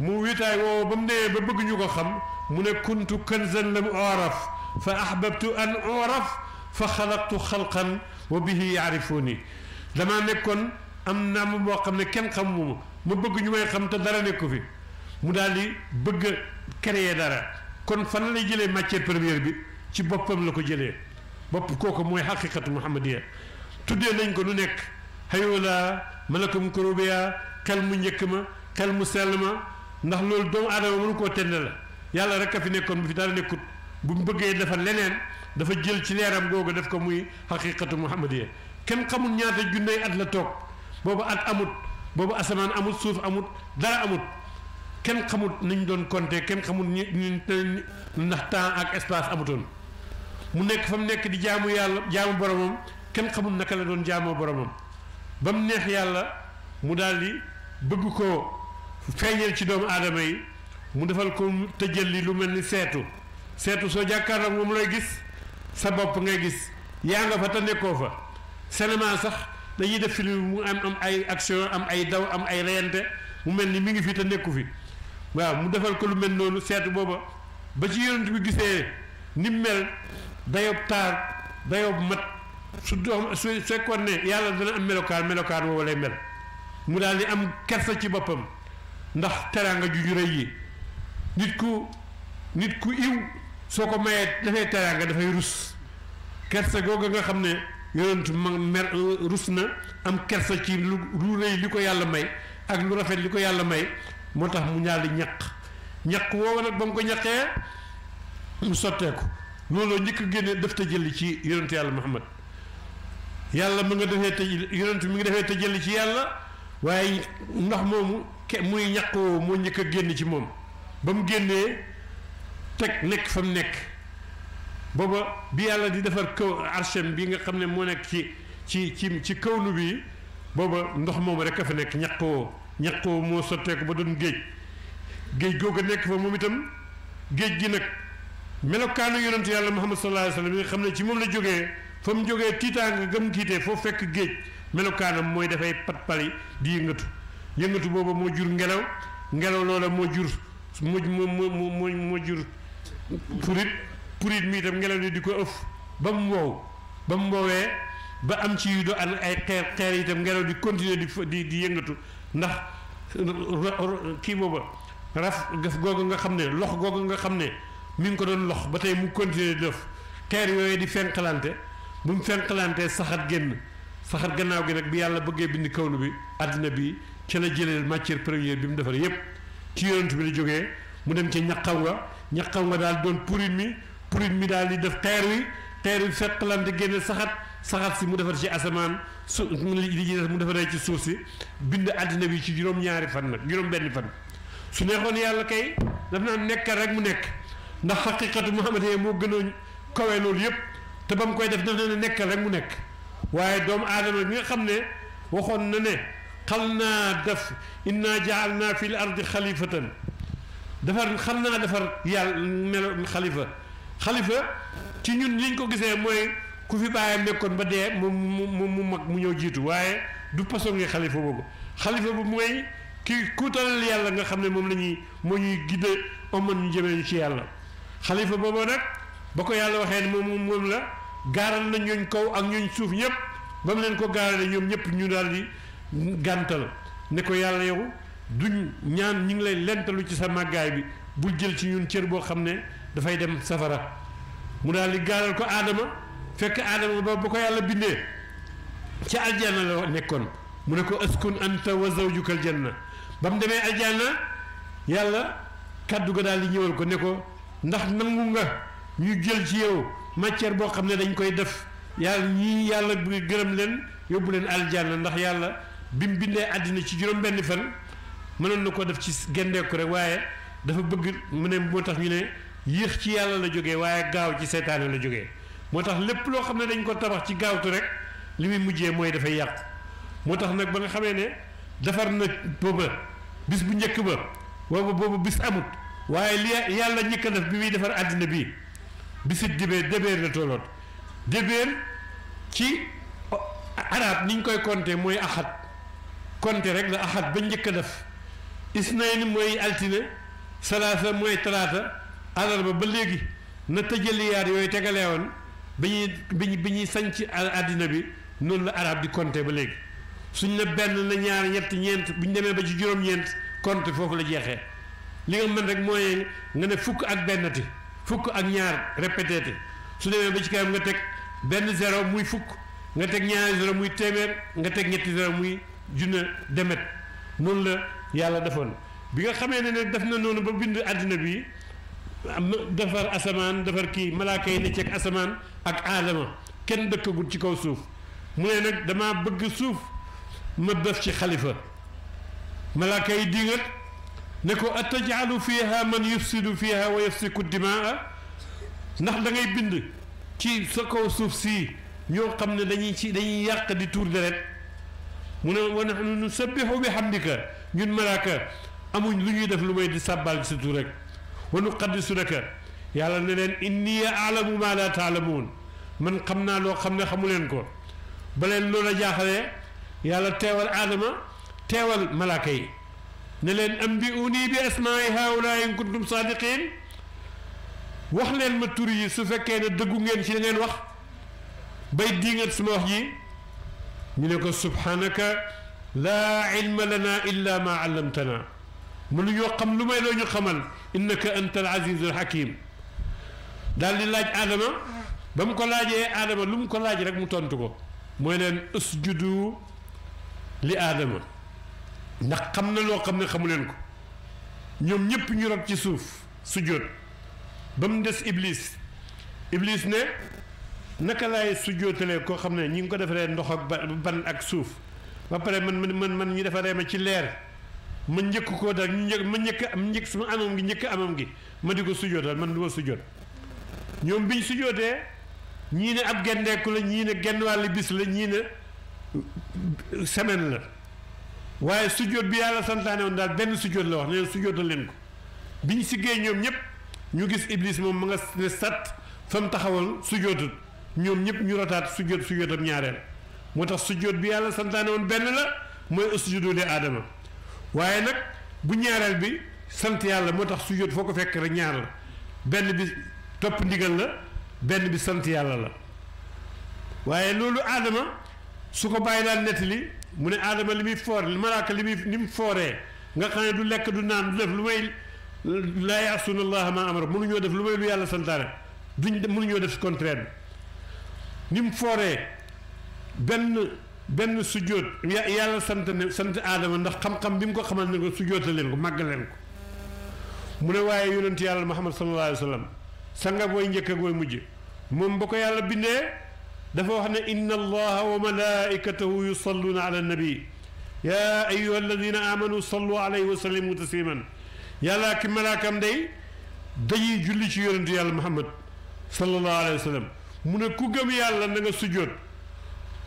mu witay wo bam ne ba bëgg ñu ko xam mu ne kuntu kanzan lam uraf fa ahbabtu an uraf fa khalaqtu khalqan wa bihi yaarifuni damaa nekkoon am naa ma boo xam ne kenn xamuma ma bëgg ñu may xam te dara nekku fi mu daldi bëgg créer dara kon fan lay jëlé matière première bi ci bopam la ko jëlé bop kooku moy haqiqatu muhammadiyya tuddé nañ ko nu nekk hayula malakum kurubiya xel mu njëkk ma mu sell ndax loolu doomu aadama mënu koo tënne la yàlla rek ka fi nekkoon bu fi dara nekkut bu mu bëggee dafa leneen dafa jël ci leeram googu def ko muy xaqiqatu muhammadiya kenn xamul ñaata junney at la toog boobu at amut boobu asamaan amut suuf amut dara amut kenn xamut niñ doon compter kenn xamut ñi ndax temps ak espace amutoon mu nekk fa mu nekk di jaamu yàlla jaamu boromam kenn xamul naka la doon jaamoo boromam ba mu neex yàlla mu daal di bëgg koo feeñal ci doomu aadama yi mu defal ko jël li lu mel ni seetu seetu soo jàkkaarloo moom lay gis sa bopp ngay gis yaa nga fa te nekkoo fa cinéma sax dañuy def film mu am am ay action am ay daw am ay reyante mu mel ni mi ngi fi te nekku fi waaw mu defal ko lu mel noonu seetu booba ba ci yonent bi gisee ni mel dayob taar dayob mat su doom su fekkoon ne yàlla dana am melokaan melokaan woowu lay mel mu daal di am sa ci boppam ndax teraanga ju ju rëy yi nit ku nit ku iw soo ko mayee dafay teraanga dafay rus kersa googu nga xam ne yonentu ma mer rus na am kersa ci lu lu rëy li ko yàlla may ak lu rafet li ko yàlla may moo tax mu ñaali ñaq ñaq woowu nag ba mu ko ñaqee mu sotteeku looloo njëkk génne te jël ci yonentu yàlla Muhammad yàlla mu nga defee tëj yonentu mi ngi defee tëjëli ci yàlla waaye ndox moomu muy ñàkk woowu moo njëkk a génn ci moom ba mu génnee teg nekk fa mu nekk booba bi yàlla di defar kaw archem bi nga xam ne moo nekk ci ci ci ci kawlu bi booba ndox moom rek a fa nekk ñàkk woo ñàkk woo moo sotteeku ba doon géej géej googu nekk fa moom itam géej gi nag melokaanu yonent yàlla Muhammad sallallahu alayhi wa xam ne ci moom la jógee fa mu jógee tiitaanga gëm kiitee foo fekk géej melokaanam mooy dafay pat pali di yëngatu yëngatu booba moo jur ngelaw ngelaw loola moo jur moo moo moo moo jur purit purit mi itam ngelaw li di ko ëf ba mu wow ba mu woowee ba am ci yu do an ay xeer xeer itam ngelaw di continuer di di yëngatu ndax kii booba raf gaf googu nga xam ne lox googu nga xam ne mi ngi ko doon lox ba tey mu continuer di def xeer yooyu di fenqalante bu mu fenqalantee saxat génn saxat gannaaw gi nag bi yàlla bëggee bind kawnu bi àddina bii ci la jëlee matière première bi mu defar yépp ci yonent bi la jógee mu dem ci ñaqaw nga ñaqaw nga daal doon purit mi purit mi daal di def teer wi teer wi fettalante génne saxaat saxat si mu defar ci asamaan su li ci des mu defaree ci suuf si bind àddina bi ci juróom-ñaari fan nag juróom-benn fan su neexoon yàlla kay daf naa nekkal rek mu nekk ndax xaqiqatu Muhammad moo gën a kawe loolu yépp te ba mu koy def daf na ne nekkal rek mu nekk waaye doomu aadama bi nga xam ne waxoon na ne xal naa def inna jaal naa fi l ardi xalifatan defar xam naa defar yàlla melo xalifa xalifa ci ñun liñ ko gisee mooy ku fi bàyyam nekkoon ba dee mu mu mag mu ñëw jiitu waaye du pasoŋ xalifa boobu xalifa bu mooy ki kuutalal yàlla nga xam ne moom lañuy ñuy moo ñuy gidde oman ñu jëmee ci yàlla xalifa booboo nag ba ko yàlla waxee ne moom moom la gaaral na ñooñ kaw ak ñooñ suuf ñëpp ba mu leen ko gaarale ñoom ñëpp ñu daal di gàntal ne ko yàlla yow duñ ñaan ñu ngi lay lentalu ci sa màggaay bi bul jël ci ñun cër boo xam ne dafay dem safara mu daal di gaaral ko aadama fekk aadama ba bu ko yàlla bindee ci aljanna la nekkoon mu ne ko askun anta jukkal zawjuka aljanna ba mu demee aljanna yàlla kàddu ga daal di ñëwal ko ne ko ndax nangu nga ñu jël ci yow matière boo xam ne dañ koy def yàlla ñii yàlla gërëm leen yóbbu leen aljanna ndax yàlla bi mu bindee àddina ci juróom-benn fan mënoon na ko def ci gendeeku rek waaye dafa bëgg mu ne moo tax ñu ne yéex ci yàlla la jóge waaye gaaw ci seytaane la jóge moo tax lépp loo xam ne dañ ko tabax ci gaawtu rek li muy mujjee mooy dafay yàqu moo tax nag ba nga xamee ne defar na booba bis bu njëkk ba booba boobu bis amut waaye li yàlla njëkk a bi muy defar àddina bi bisit dibéer débéer la tolloot débéer ci arab niñ koy compter mooy axat konte rek la ahad ba njëkk a def ni mooy altine salaasa mooy talaata alarba ba ba léegi na tëjaliyaat yooyu tegalee woon bi ñuy bi ñuy bi ñuy sanc àddina bi noonu la arab di konte ba léegi suñ ne benn na ñaar ñett ñeent bu ñu demee ba ci juróom-ñeent konte foofu la jeexee li nga mën rek mooy nga ne fukk ak bennati fukk ak ñaar répété su demee ba ci kanam nga teg benn zéro muy fukk nga teg ñaari zéro muy téeméer nga teg ñetti zéro muy جنة دمت نون لا يالا دفن بيغا خامي ني داف نا نونو با بيند ادنا بي دفر اسمان دفر كي ملائكه ني تيك اسمان اك عالم كين دك غوت سي كو سوف مو ني نك داما بغ سوف ما دف سي خليفه ملائكه ديغت نكو اتجعل فيها من يفسد فيها ويفسك الدماء نخ دا غاي بيند تي سكو سوف سي ño xamne dañuy ci dañuy yàq di tour de ret mu ne wa nahnu nusabbihu bihamdika ñun malaaka amuñ lu ñuy def lu may di sàbbal si tur rek wa nuqaddisu laka yàlla ne leen inni alamu ma la taalamuun man xam naa loo xam ne xamu leen ko ba leen loola jaaxalee yàlla teewal aadama teewal malaaka yi ne leen ambi'uuni bi asmaai haulaa in kuntum saadiqin wax leen ma tur yi su fekkee ne dëggu ngeen ci da ngeen wax bay diingat suma wax ji نيكو سبحانك لا علم لنا الا ما علمتنا من يقم لما لو خمل انك انت العزيز الحكيم دال لي لاج ادم بام كو لاجي إيه ادم لوم كو لاج رك مو تونتو كو موي لن اسجدوا لادم نا خمنا لو خمنا خمولن كو نيوم نيب ني روب سي سوف سجود بام ديس ابليس ابليس نه naka laay sujjootalee koo xam ne ñi ngi ko defaree ndox ak ban ak suuf ba pare man man man man ñu defaree ma ci leer ma njëkk koo dal ñu njëkk ma njëkk am njëkk sama amam gi njëkk amam gi ma di ko sujjootal man du ma sujjoot ñoom biñ sujjootee ñii ne ab gendeeku la ñii ne genn wàll bis la ñii ne semaine la waaye sujjoot bi yàlla santaane woon daal benn sujjoot la wax ne sujjootal leen ko biñ siggee ñoom ñëpp ñu gis iblis moom ma nga ne sat fa mu taxawoon sujjootut ñoom ñëpp ñu rotaat sujjóot sujjóotam ñaareel moo tax sujjóot bi yàlla santaane woon benn la mooy sujudu li aadama waaye nag bu ñaareel bi sant yàlla moo tax sujjóot foo ko fekk rek ñaar la benn bi topp ndigal la benn bi sant yàlla la waaye loolu aadama su ko bàyyi daan li mu ne aadama li muy foore malaaka li muy li mu fooree nga xam ne du lekk du naan du def lu may laa yaasuuna allaha ma amara mënuñoo def lu may lu yàlla santaane duñ mënuñoo def contraire bi ni ben ben benn yàlla sant ne sant adam ndax xam-xam bim ko xamal ne ko sujjóota ko màgg len ko mu ne waaye yonent yàlla muhammad sallallahu alaihi wasallam sanga boy njëkk ak boy mujjé mom bako yàlla bindé dafa wax ne inna allaha wa malaikatahu yusalluna ala nabi ya ayyuha alladhina amanu sallu alayhi wa sallimu taslima yàlla ki malaakam day dañuy julli ci yonent yàlla muhammad sallallahu alaihi wasallam mu ne ku gëm yàlla na nga sujjóot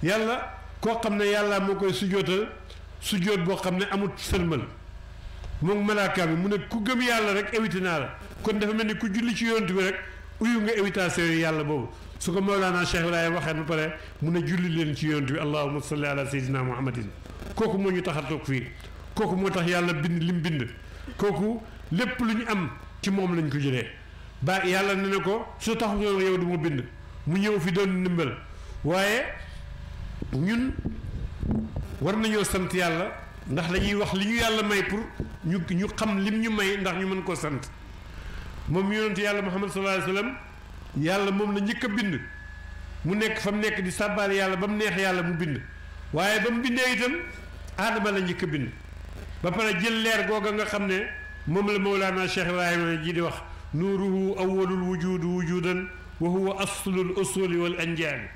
yàlla koo xam ne yàlla moo koy sujjóotal sujjóot boo xam ne amul sërmal moom malaaka bi mu ne ku gëm yàlla rek évité naa la kon dafa mel ni ku julli ci yonent bi rek uyu nga évitation yi yàlla boobu su ko Mawlaana Cheikh Ibrahima waxee ba pare mu ne julli leen ci yonent bi allahumma salli ala sayyidina muhammadin kooku moo ñu tax a fii kooku moo tax yàlla bind lim bind kooku lépp lu ñu am ci moom lañ ko jëlee ba yàlla ne ko su taxu yow du ma bind mu ñëw fi doon ndimbal waaye ñun war nañoo sant yàlla ndax dañuy wax li ñu yàlla may pour ñu ñu xam lim ñu may ndax ñu mën koo sant moom yonentu yàlla muhammad sallallahu alayhi wasallam yàlla moom la njëkk a bind mu nekk fa mu nekk di sàbbaale yàlla ba mu neex yàlla mu bind waaye ba mu bindee itam aadama la njëkk bind ba pare jël leer googa nga xam ne moom la mawlaana cheikh ibrahima ji di wax nuuruhu awwalul wujudu wujudan وهو أصل الأصول والأنجال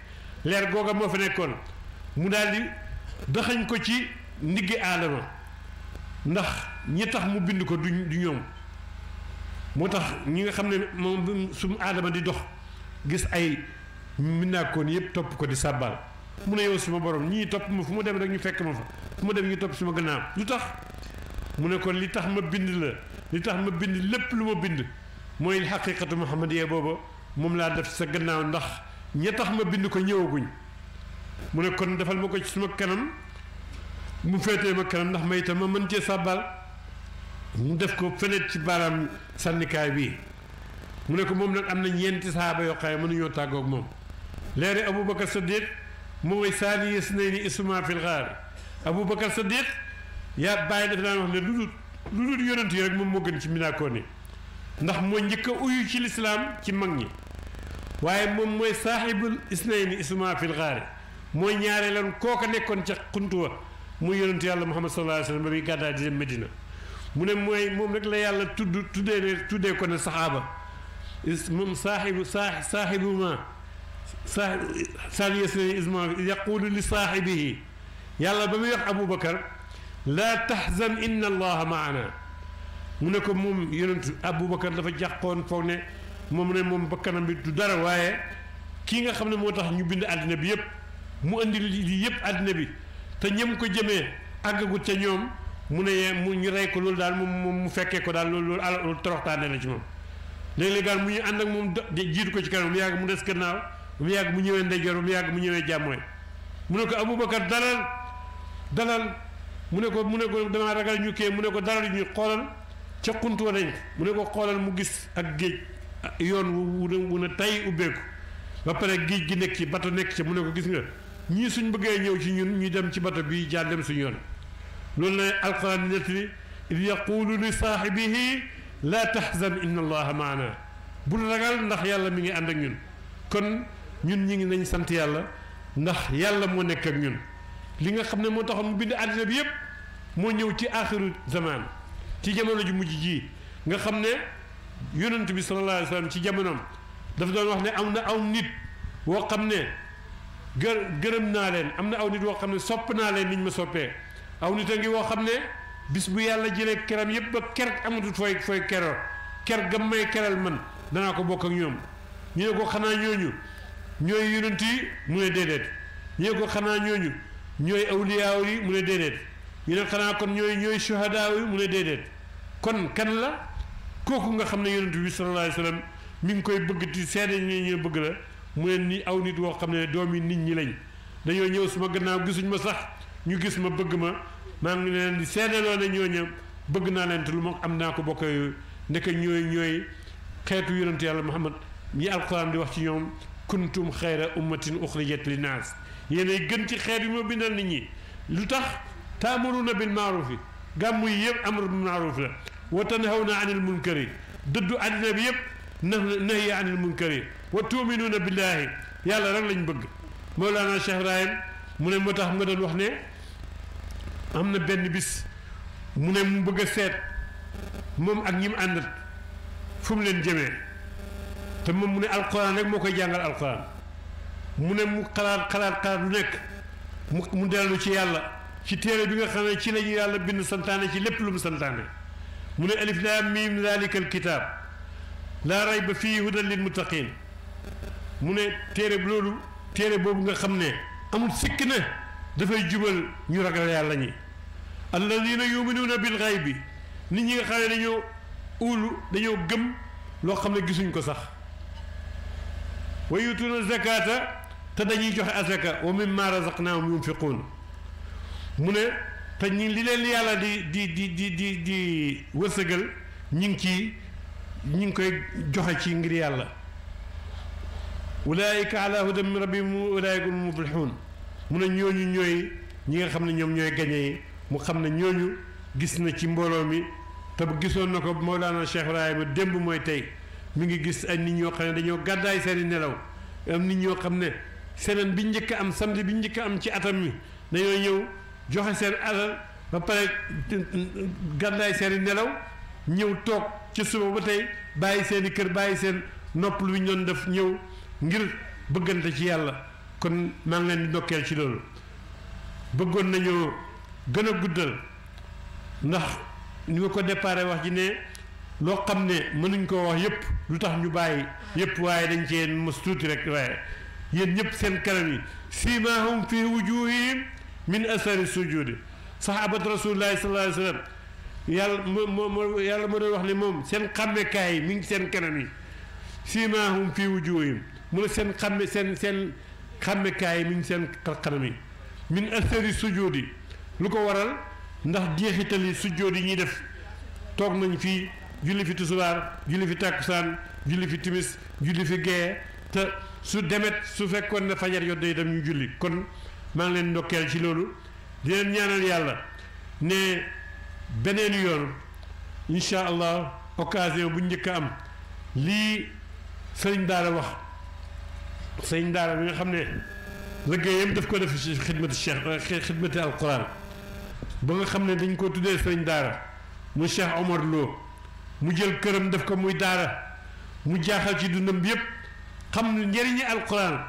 لير غوغا ما في نيكون مو دالي دخن كو تي نيغي عالم نخ ني تخ مو بيند كو دي نيوم مو تخ نيغا خامني سوم عالم دي دوخ غيس اي منا كون ييب توب كو دي سابال مو نيو سوما بروم ني توب ما فمو ديم رك ني فك فمو ديم ني توب سوما غنا لو تخ مو نيكون لي تخ ما بيند لي تخ ما بيند لب لو ما بيند موي الحقيقه محمديه بوبو mom la def sa gannaaw ndax ña tax ma bind ko ñëwaguñ mu ne kon defal ma ko ci suma kanam mu fete ma kanam ndax may tam ma mën cee sàbbal mu def ko feneen ci baram sànnikaay bi mu ne ko moom nag am na ñeenti saaba yoo xam ne mënuñoo tàggoog moom léeri aboubacar sadiq mu mooy saani yasnayni isuma fil xaar aboubacar sadiq yaa bàyyi daf daan wax ne lu dul lu yonent yi rek moom moo gën ci minaakoone ndax moo njëkk a uyu ci lislaam ci mag ñi waye mom moy sahibul isnaini isma fil ghar moy ñaare lan kooka nekkoon ca xuntuwa muy yonent yàlla muhammad sallallahu alayhi wasallam bi gadda di Medina mu ne mooy moom rek la yàlla tudd tuddee ne tuddee ko ne saxaaba moom saaxibu saa saaxibu ma saa saani isnayni isma yaquulu li saaxibihi yàlla ba wax aboubacar laa taxzan inna allaha maana mu ne ko moom dafa jàqoon foog moom ne moom bakkanam bi du dara waaye kii nga xam ne moo tax ñu bind àddina bi yëpp mu indi lii yëpp àddina bi te ñem ko jëmee àggagut ca ñoom mu ne yee mu ñu rey ko loolu daal moom mu fekkee ko daal loolu loolu ala loolu toroxtaane la ci mu ñu ànd ak moom jiitu ko ci kanam mu yàgg mu des gannaaw mu yàgg mu ñëwee ndeyjoor mu yàgg mu ñëwee jàmmooy mu ne ko Aboubacar dalal dalal mu ne ko mu ne ko damaa ragal ñu kee mu ne ko dalal ñu xoolal ca xuntu nañ mu ne ko xoolal mu gis ak géej yoon wu wun a tay ubbeeku ba pare géej gi nekk ci bato nekk ci mu ne ko gis nga ñii suñ bëggee ñëw ci ñun ñu dem ci bato bi jaar dem suñu yoon loolu la alquran di nettali id yaqulu li saaxibihi laa taxzan inna allaha maana bul ragal ndax yàlla mi ngi ànd ak ñun kon ñun ñi ngi nañ sant yàlla ndax yàlla moo nekk ak ñun li nga xam ne moo taxoon mu bind àddina bi yépp moo ñëw ci axiru zamaan ci jamono ju mujj ji nga xam ne yonent bi sallallahu alayhi wa ci jamonoom dafa doon wax ne am na aw nit woo xam ne gë gërëm naa leen am na aw nit woo xam ne sopp naa leen niñ ma soppee aw nit a ngi woo xam ne bis bu yàlla jëlee keram yëpp ba ker amatut fooy fooy keroo ker gam may keral man danaa ko bokk ak ñoom ñu ne ko xanaa ñooñu ñooy yonent yi mu ne déedéet ñu ne ko xanaa ñooñu ñooy awliyaaw yi mu ne déedéet ñu ne xanaa kon ñooy ñooy shuhadaa yi mu ne déedéet kon kan la kooku nga xam ne yonent bi sallallahu alayhi wa sallam mi ngi koy bëgg di seede ñu ñu bëgg la mu leen ni aw nit woo xam ne doom yi nit ñi lañ dañoo ñëw suma gannaaw gisuñ ma sax ñu gis ma bëgg ma maa ngi leen di seedeloo ne ñooña bëgg naa leen te lu ma am naa ko bokk yooyu nekk ñooy ñooy xeetu yonent yàlla Muhammad yi alquran di wax ci ñoom kuntum xayra ummatin uxrijat li naas yéenay gën ci xeet yu ma bindal nit ñi lu tax taamuruna bil maarufi gàmmu yi yëpp amr bil maaruf la وتنهون عن المنكر ضد النبي نهي عن المنكر وتؤمنون بالله يلا رك لا نبغ مولانا شيخ رايم من متاخ ما دون وخني امنا بن بيس من مبغ سيت موم اك نيم اندت فوم لين جيمي تم من القران رك موكو جانغال القران من مو خلال خلال خلال نيك مو ديلو سي يالا سي تيري بيغا خاني سي لا يالا بن سانتاني سي لب لوم سانتاني mu ne alif laam miim zaalika alkitaab laa rayba fii hudan lil muttaqiin mu ne téere loolu téere boobu nga xam ne amul sikk ne dafay jubal ñu ragal yàlla ñi alladina yuminuuna bil xaybi nit ñi nga xam ne dañoo uulu dañoo gëm loo xam ne gisuñ ko sax wa yutuuna zakata te dañuy joxe azaka wa mimma razaqnaahum yunfiquun mu ne te ñi li leen yàlla di di di di di di wërsëgal ñi ngi ci ñi ngi koy joxe ci ngir yàlla ulaayika ala hudan min rabbihim ulaayika hum muflixuun mu ne ñooñu ñooy ñi nga xam ne ñoom ñooy gañe mu xam ne ñooñu gis na ci mbooloo mi te bu gisoon na ko Mawlaana Cheikh Ibrahima démb mooy tey mi ngi gis ay nit ñoo xam ne dañoo gàddaay seeni nelaw am nit ñoo xam ne semaine bi njëkk am samedi bi njëkk am ci atam mi dañoo ñëw joxe seen alal ba pare gànnaay seen i nelaw ñëw toog ca suba ba tey bàyyi seeni kër bàyyi seen nopp lu ñu doon def ñëw ngir bëggante ci yàlla kon maa ngi leen di ndokkeel ci loolu bëggoon nañoo gën a guddal ndax ni ma ko déparé wax ji ne loo xam ne mënuñ koo wax yëpp lu tax ñu bàyyi yëpp waaye dañ cee mos tuuti rek waaye yéen ñëpp seen kanam yi siimaahum fi wujuhihim min asari sujudi sahabat rasulullahi sallallahu alayhi wa sallam yàlla moo moo yàlla moo doon wax ne moom seen xàmmekaay yi mi ngi seen kanam yi siimaahum fii yi mu ne seen xàmme seen seen xàmmekaay yi mi ngi seen kanam yi min asari sujudi lu ko waral ndax jeexital yi sujjóot yi ñuy def toog nañ fii julli fi tusubaar julli fi tàkkusaan julli fi timis julli fi gee te su demet su fekkoon ne fajar yodde itam ñu julli kon maa ngi leen ndokkeel ci loolu di leen ñaanal yàlla ne beneen yoonu incha allah occasion bu njëkk a am lii sëriñ daara wax sëriñ daara bi nga xam ne liggéeyam def ko def ci xidmati cheikh xidmati alquran ba nga xam ne dañ ko tuddee sëriñ daara mu cheikh Omar Lo mu jël këram def ko muy daara mu jaaxal ci dundam bi yépp xam njëriñi alquran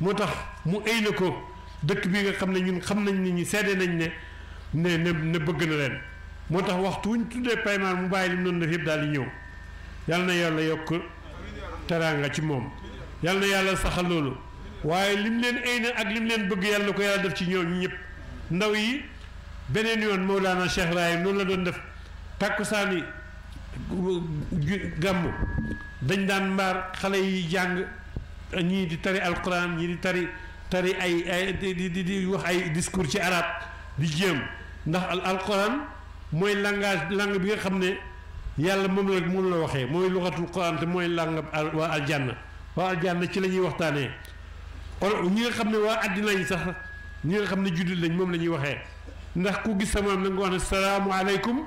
moo tax mu ay na ko dëkk bi nga xam ne ñun xam nañ ne ñi seede nañ ne ne ne ne bëgg na leen moo tax waxtu wuñ tuddee Paymar mu bàyyi lim noonu def yëpp daal di ñëw yal na yàlla yokk teraanga ci moom yal na yàlla saxal loolu waaye lim leen ay na ak lim leen bëgg yàlla ko yàlla def ci ñoom ñëpp ndaw yi beneen yoon Mawlana Cheikh Ibrahim noonu la doon def tàkkusaani gàmmu dañ daan mbaar xale yi jàng ñii di tari alquran ñii di tari tari ay ay di di di wax ay discours ci arabe di jéem ndax al alquran mooy langage langue bi nga xam ne yàlla moom la waxee mooy luxatul quran te mooy langue waa aljanna waa aljanna ci la ñuy waxtaanee kon ñi nga xam ne waa àddina yi sax ñi nga xam ne juddit lañ moom la ñuy waxee ndax ku gis sama am na wax ne salaamualeykum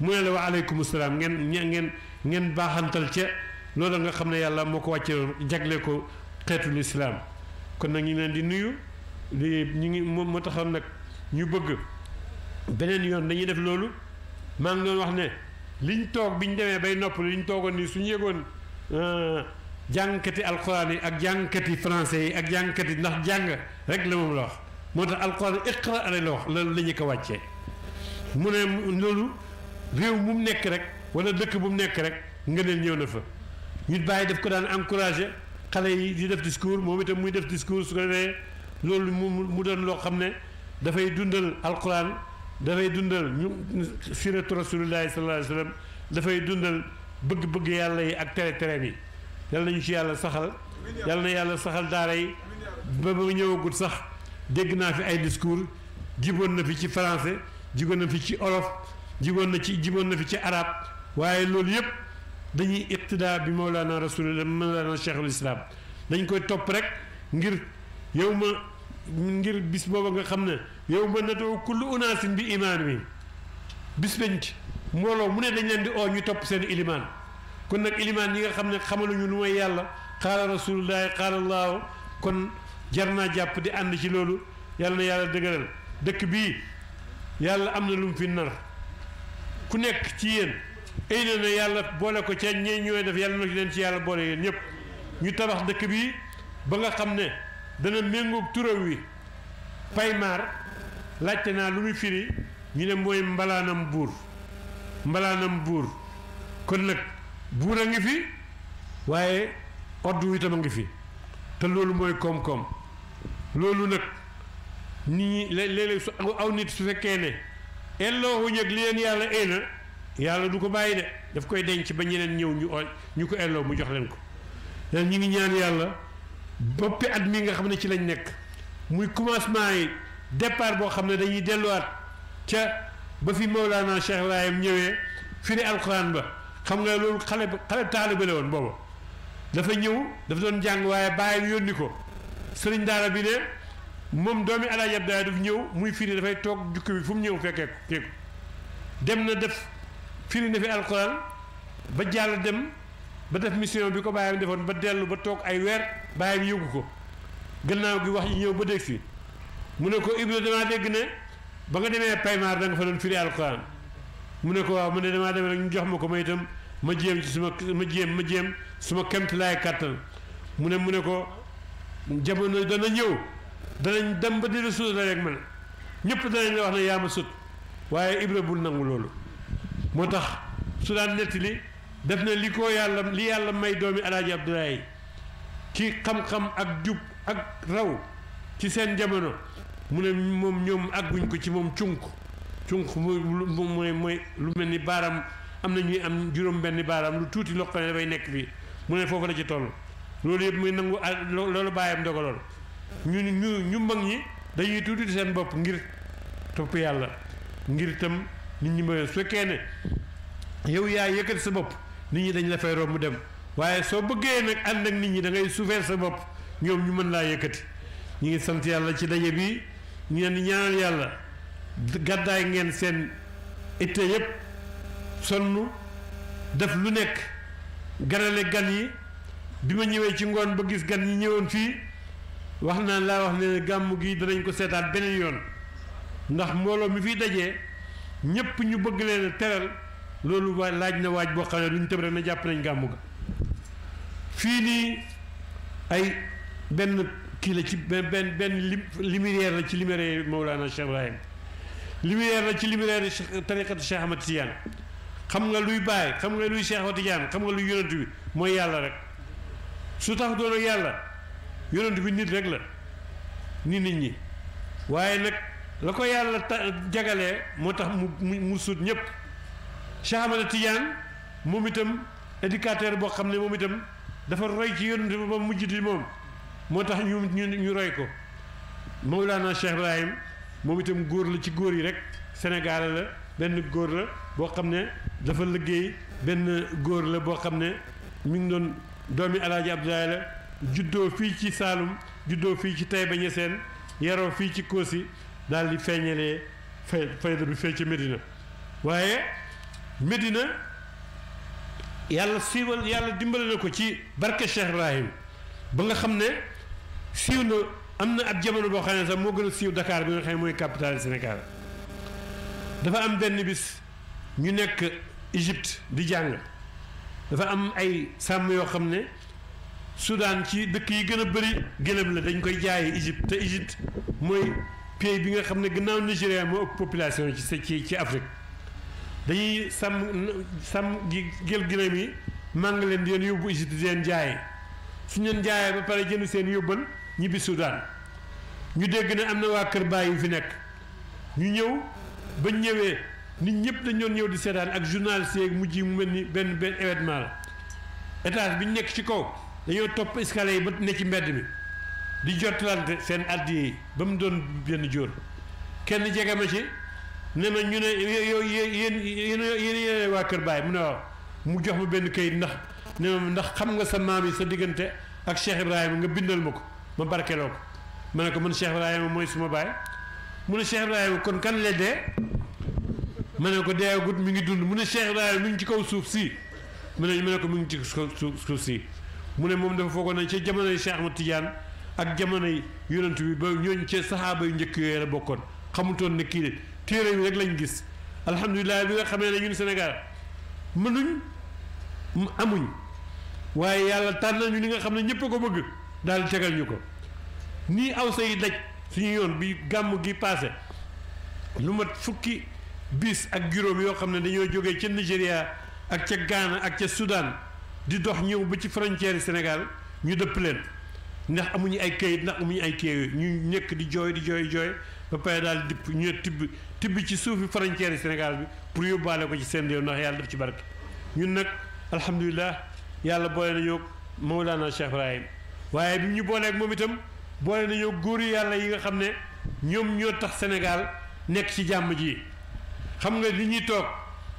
mu ne la wa aleykum salaam ngeen ngeen ngeen baaxantal ca loolu nga xam ne yàlla moo ko wàcce jagle ko xeetul islaam kon nag ñu leen di nuyu di ñu ngi moom moo taxoon nag ñu bëgg beneen yoon dañuy def loolu maa ngi doon wax ne liñ toog bi ñu demee bay nopp liñ toogoon nii suñu yëgoon euh, jàngkati alquran yi ak jàngkati français yi ak jàngkati ndax jàng rek la moom la wax moo tax alquran iqra ale la wax loolu la ñu ko wàccee mu ne loolu réew mu mu nekk rek wala dëkk bu mu nekk rek ngëneel ñëw na fa ñu bàyyi daf ko daan encouragé xale yi di def discours moom itam muy def discours su ko defee loolu mu doon loo xam ne dafay dundal alquran dafay dundal ñu siratu rasulillahi sallallahu alayhi wa sallam dafay dundal bëgg-bëgg yàlla yi ak tere tere bi yàlla nañu ci yàlla saxal yàlla na yàlla saxal daara yi ba ba ñëwagul sax dégg naa fi ay discours jiboon na fi ci français jiboon na fi ci olof jiboon na ci jiboon na fi ci arab waaye loolu yëpp dañuy iqtidaa bi mawlaana rasulillah mawlaana cheikhul islam dañ koy topp rek ngir yow ma ngir bis booba nga xam ne yow kullu unaasin bi imaan mi bis benc mbooloo mu ne dañ leen di oo ñu topp seen ilimaan kon nag ilimaan yi nga xam xamaluñu lu may yàlla xaala rasulullahi xaala laahu kon jarna naa jàpp di ànd ci loolu yàlla na yàlla dëgëral dëkk bii yàlla am lu fi nar ku nekk ci yéen ay na yàlla boole ko ca ñee ñëwee def yàlla na ci leen ci yàlla boole yéen ñëpp ñu tabax dëkk bi ba nga xam ne dana méngoog turam wi paymar laajte naa lu muy firi ñu ne mooy mbalaanam buur mbalaanam buur kon nag buur a ngi fi waaye oddu itam a ngi fi te loolu mooy koom-koom loolu nag nit ñi le léeg su aw nit su fekkee ne ellooxuñ ak li leen yàlla ay na yàlla du ko bàyyi de daf koy denc ba ñeneen ñëw ñu o ñu ko elloo mu jox leen ko ñu ngi ñaan yàlla boppi at mi nga xam ne ci lañ nekk muy commencement yi départ boo xam ne dañuy delluwaat ca ba fi Mawlana Cheikh Ibrahim ñëwee firi alquran ba xam nga loolu xale xale taalibe la woon booba dafa ñëw dafa doon jàng waaye bàyyi yónni ko sëriñ daara bi ne moom doomi Alaaji Abdoulaye daf ñëw muy firi dafay toog jukki bi fu mu ñëw fekkee ko dem na def. firi na fi alxuraan ba jàll dem ba def mission bi ko bàyyam defoon ba dellu ba toog ay weer bàyyam yóbbu ko gannaaw gi wax yi ñëw ba dégg si mu ne ko Ibra damaa dégg ne ba nga demee Paymar da nga fa doon firi alxuraan mu ne ko waaw mu ne damaa demee rek ñu jox ma ko ma itam ma jéem ci suma ma jéem ma jéem suma kemt laay kàttan mu ne mu ne ko jamono dana ñëw danañ dem ba di la suuta rek man ñëpp danañ la wax ne yaa ma sut waaye Ibra bul nangu loolu moo tax su daan nettali def na li ko yàlla li yàlla may doomi alaaji Abdoulaye ci xam-xam ak jub ak raw ci seen jamono mu ne moom ñoom àgguñ ko ci moom cunk cunk moom mooy mooy lu mel ni baaraam am na ñuy am juróom benn baaraam lu tuuti loo xam ne dafay nekk fii mu ne foofu la ci toll loolu yëpp muy nangu loolu bàyyam dogaloon ñu ñu ñu mag ñi dañuy tuuti seen bopp ngir topp yàlla ngir tam nit ñi mooy su fekkee ne yow yaay yëkkati sa bopp nit ñi dañ la fay romb dem waaye soo bëggee nag ànd ak nit ñi da ngay suufee sa bopp ñoom ñu mën laa yëkkati ñu ngi sant yàlla ci daje bi ñu leen ñaanal yàlla gàddaay ngeen seen ite yëpp sonn def lu nekk garale gan yi bi ma ñëwee ci ngoon ba gis gan ñi ñëwoon fii wax naa laa wax ne gàmm gi danañ ko seetaat beneen yoon ndax mbooloo mi fiy dajee ñëpp ñu bëgg leen a loolu waay laaj na waaj boo xam ne lu ñu tëb rek na jàpp nañ gàmmu ga fii nii ay benn kii la ci benn benn lumière la ci lumière Mawlana Cheikh Ibrahim lumière la ci lumière tariqatu Cheikh Ahmad Tidiane xam nga luy bàyyi xam nga luy Cheikh Ahmad Tidiane xam nga luy yonent bi mooy yàlla rek su tax doon yàlla yonent bi nit rek la ni nit ñi waaye nag la ko yàlla ta jagale moo tax mu mu sut ñëpp Cheikh Ahmada moom itam éducateur boo xam ne moom itam dafa roy ci yonent bi ba mujj di moom moo tax ñu ñu ñu roy ko Mawlana Cheikh Ibrahim moom itam góor la ci góor yi rek Sénégal la benn góor la boo xam ne dafa liggéey benn góor la boo xam ne mu ngi doon doomi Alaaji Abdoulaye la juddoo fii ci Saalum juddoo fii ci ba Niassène yaroo fii ci Koosi daal di feeñalee fay fayda bi fee ca Medina waaye Medina yàlla siiwal yàlla dimbale na ko ci barke Cheikh Ibrahim ba nga xam ne siiw na am na ab jamono boo xam ne sax moo gën a siiw Dakar bi nga xam ne mooy capitale Sénégal dafa am benn bis ñu nekk Égypte di jàng dafa am ay sàmm yoo xam ne Soudan ci dëkk yi gën a bari gëlëm la dañ koy jaayi Égypte te Égypte mooy. pays bi nga xam ne gannaaw Nigéria moo ëpp population ci ci ci Afrique dañuy sàmm sàmm gi gël gëlëm yi màng leen di leen yóbbu Égypte di leen jaayee su ñu leen jaayee ba pare jënd seen yóbbal ñibbi Soudan ñu dégg ne am na waa Kër Baay yu fi nekk ñu ñëw ba ñëwee nit ñëpp dañ doon ñëw di seetaan ak journaliste yeeg mujj yi mu mel ni benn benn événement la étage bi ñu nekk ci kaw dañoo topp escalier yi ba ne ci mbedd mi. di jottalante seen addiya yi ba mu doon benn jóor kenn jege ma ci ne ma ñu ne yow yéen yéen yéen waa Kër Baay mu ne waaw mu jox ma benn kayit ndax ne ma ndax xam nga sa maam yi sa diggante ak Cheikh Ibrahima nga bindal ma ko ma barkeloo ko ma ne ko mooy suma baay mu ne Cheikh Ibrahima kon kan la dee ma ne ko deewagut mi ngi dund mu ne mi ngi ci kaw suuf si ma ne ma ne ko mi ngi ci kaw suuf si mu ne moom dafa foogoon ne ci jamonoy Cheikh ma tijaan ak jamono yi yonent bi ba ñooñ ci saxaaba yu njëkk yooyu la bokkoon xamutoon ne kii de téere bi rek lañ gis alhamdulilah bi nga xamee ne ñun Sénégal mënuñ amuñ waaye yàlla tànnal ñu li nga xam ne ñëpp ko bëgg daal di tegal ñu ko nii aw sa yi daj suñu yoon bi gàmm gi paase lu mat fukki bis ak juróom yoo xam ne dañoo jógee ca Nigéria ak ca Ghana ak ca Soudan di dox ñëw ba ci frontière Sénégal ñu dëpp leen ndax amuñu ay kayit ndax amuñu ay kii ñu nekk di jooy di jooy jooy ba pare daal dipp ñu tibb tibb ci suufi frontière yi Sénégal bi pour yóbbaale ko ci seen réew ndax yàlla def ci barke. ñun nag alhamdulilah yàlla boole nañoo Mawlana Cheikh Ibrahim waaye bi ñu booleeg moom itam boole nañoo góor yi yàlla yi nga xam ne ñoom ñoo tax Sénégal nekk ci jàmm ji xam nga li ñuy toog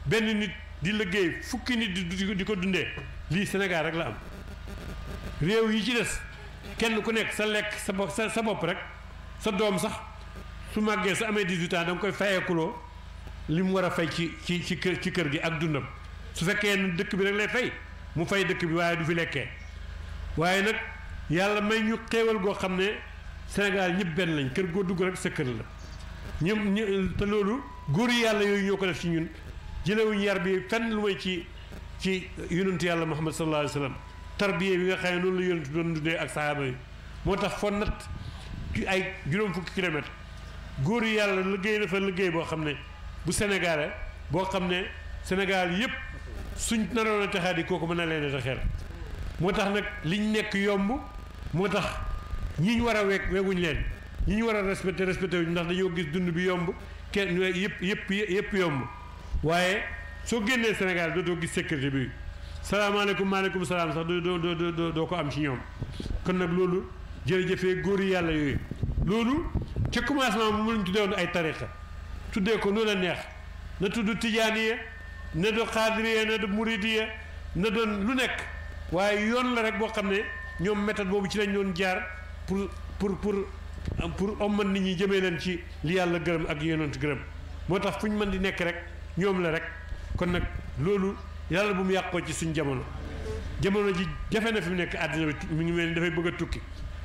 benn nit di liggéey fukki nit di ko dundee lii Sénégal rek la am réew kenn ku nekk sa lekk sa bopp sa bopp rek sa doom sax su màggee sa amee 18 ans koy fayeekuloo li mu war a fay ci ci ci kër ci kër gi ak dundam su fekkee dëkk bi rek lay fay mu fay dëkk bi waaye du fi lekkee waaye nag yàlla may ñu xéewal goo xam ne Sénégal ñëpp benn lañ kër goo dugg rek sa kër la ñoom te loolu góor yi yàlla yooyu ñoo ko def ci ñun jëlewuñ yar bi fenn lu may ci ci yonent yàlla Muhammad sallallahu alayhi wa tarbiya bi nga xam ne noonu la yonent doon dundee ak sahaaba yi moo tax fon nat ci ay juróom fukki kilomètre góor yi yàlla liggéey dafa liggéey boo xam bu Sénégalais boo xam ne Sénégal yëpp suñ naroon a taxaat yi kooku mën na leen a taxeel moo tax nag liñ nekk yomb moo tax ñi ñu war a weeg weeguñ leen ñi ñu war a respecté respecté wuñ ndax dañoo gis dund bi yomb kenn yëpp yëpp yëpp yomb waaye soo génnee Sénégal dootoo gis sécurité bi salaamaaleykum maaleykum salaam sax doo doo doo ko am ci ñoom kon nag loolu jërëjëfee góor yi yàlla yooyu loolu ci commencement bi mu leen tuddee woon ay tariqa tuddee ko nu la neex na tudd tijaaniya na do xaadiriya na do muridiya na doon lu nekk waaye yoon la rek boo xam ne ñoom méthode boobu ci lañ doon jaar pour pour pour pour omman nit ñi jëmee leen ci li yàlla gërëm ak yonent gërëm moo tax fu ñu mën di nekk rek ñoom la rek kon nag loolu yàlla bu mu yàqoo ci suñ jamono jamono ji jafe na fi mu nekk àddina bi mi ngi mel ni dafay bëgg a tukki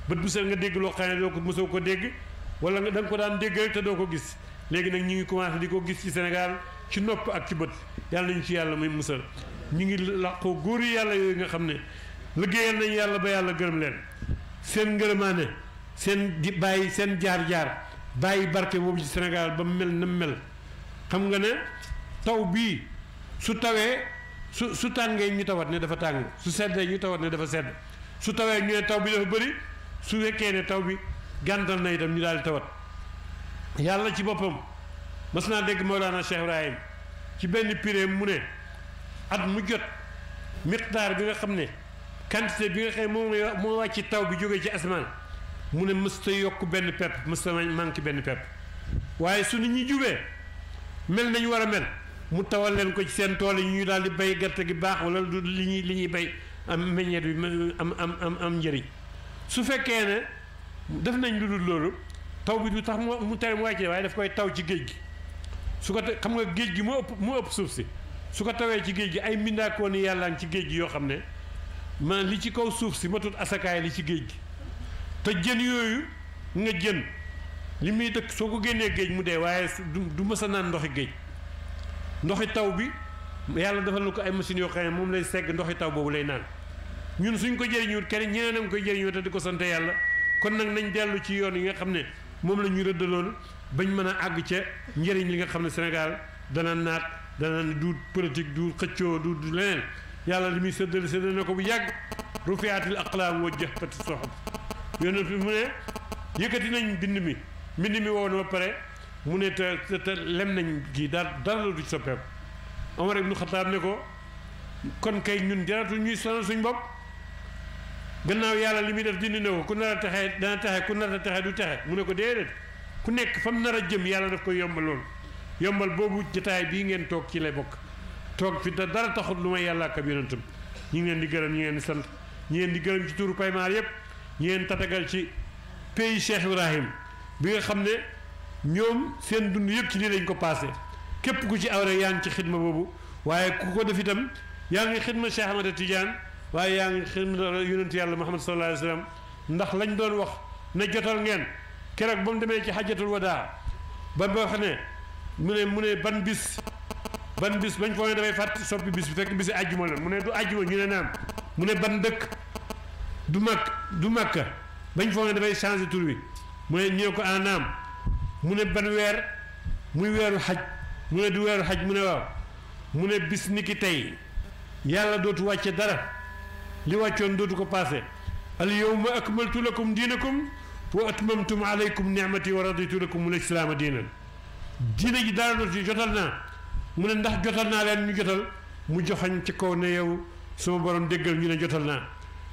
bët bu sel nga dégg loo xam ne doo ko mosoo ko dégg wala nga da ko daan dégg rek te doo ko gis léegi nag ñu ngi commencé di ko gis ci Sénégal ci nopp ak ci bët yàlla nañu ci yàlla muy musal ñu ngi làqoo góor yi yàlla yooyu nga xam ne liggéeyal nañu yàlla ba yàlla gërëm leen seen ngërëmaane seen di bàyyi seen jaar-jaar bàyyi barke boobu ci Sénégal ba mel na mel xam nga ne taw tawee su su tàngee ñu tawat ne dafa tàng su seddee ñu tawat ne dafa sedd su tawee ñu ne taw bi dafa bëri su fekkee ne taw bi gàntal na itam ñu daal di tawat yàlla ci boppam mas naa dégg Mawlana Cheikh Ibrahim ci benn piré mu ne at mu jot miqdaar bi nga xam ne quantité bi nga xam ne moom moo wàcc ci taw bi jóge ci asamaan mu ne mës mësta yokk benn pepp mësta manqué benn pepp waaye su nit ñi jubee mel nañu war a mel mu tawal leen ko ci seen tool yi ñu daal di béy gerte gi baax wala du li ñuy li ñuy béy am meññeet bi am am am am njëriñ su fekkee ne def nañ lu dul loolu taw bi du tax mu tere mu wàccee waaye daf koy taw ci géej gi su ko xam nga géej gi mu ëpp mu ëpp suuf si su ko tawee ci géej gi ay mbindaakoon yàlla ci géej gi yoo xam ne ma li ci kaw suuf si matut asakaay li ci géej gi te jën yooyu nga jën li muy dëkk soo ko génnee géej mu dee waaye du du mës naan ndoxi géej ndoxi taw bi yàlla defal na ko ay machines yoo xam ne moom lay segg ndoxi taw boobu lay naan ñun suñ ko jëriñuwut kenn ñeneen a ngi koy jëriñoo te di ko sante yàlla kon nag nañ dellu ci yoon yi nga xam ne moom la ñu rëddaloon bañ mën a àgg ca njëriñ li nga xam ne Sénégal dana naat dana du politique du xëccoo du du leneen yàlla li muy séddale séddale na ko bu yàgg rufiatil aqlaam wa jëppati soxob yonent bi mu ne yëkkati nañ mbind mi mbind mi woo na ba pare mu ne te te lem nañ gi daal dara du soppee soppeeku Omar ibnu Xataab ne ko kon kay ñun jaratu ñuy sonal suñ bopp gannaaw yàlla li muy def dindi ne ko ku nar a texe dana texe ku nar a texe du texe mu ne ko déedéet ku nekk fan nar a jëm yàlla daf ko yombal loolu yombal boobu jotaay bii ngeen toog ci lay bokk toog fi da dara taxut lu may yàlla ak ab yonentam ñu ngi di gërëm ñu ngi di sant ñu leen di gërëm ci turu Paymar yëpp ñu leen tatagal ci pays Cheikh ñoom seen dund yëpp ci lii lañ ko passé képp ku ci aw rek yaa ngi ci xidma boobu waaye ku ko def itam yaa ngi xidma Cheikh Ahmada Tidiane waaye yaa ngi xidma yonentu yàlla Muhammad sallallahu alayhi wa sallam ndax lañ doon wax ne jotal ngeen keroog ba mu demee ci xajatul wadaa ba ba wax ne mu ne mu ne ban bis ban bis bañ foo ne damay fàtt soppi bi fekk bisi àjjuma mu ne du àjjuma ñu ne naam mu ne ban dëkk du mag du makka bañ foo ne damay changé tur wi mu ko ñëw ko mu ne ban weer muy weeru xaj mu ne du weeru xaj mu ne waaw mu ne bis ni ki tey yàlla dootu wàcce dara li wàccoon dootu ko paase al yawma akmaltu lakum diinakum wa atmamtum alaykum ni'mati wa raditu lakum al islaama diinan diina ji dara dootu jotal naa mu ne ndax jotal naa leen ñu jotal mu joxañ ci kaw ne yow sama borom déggal ñu ne jotal naa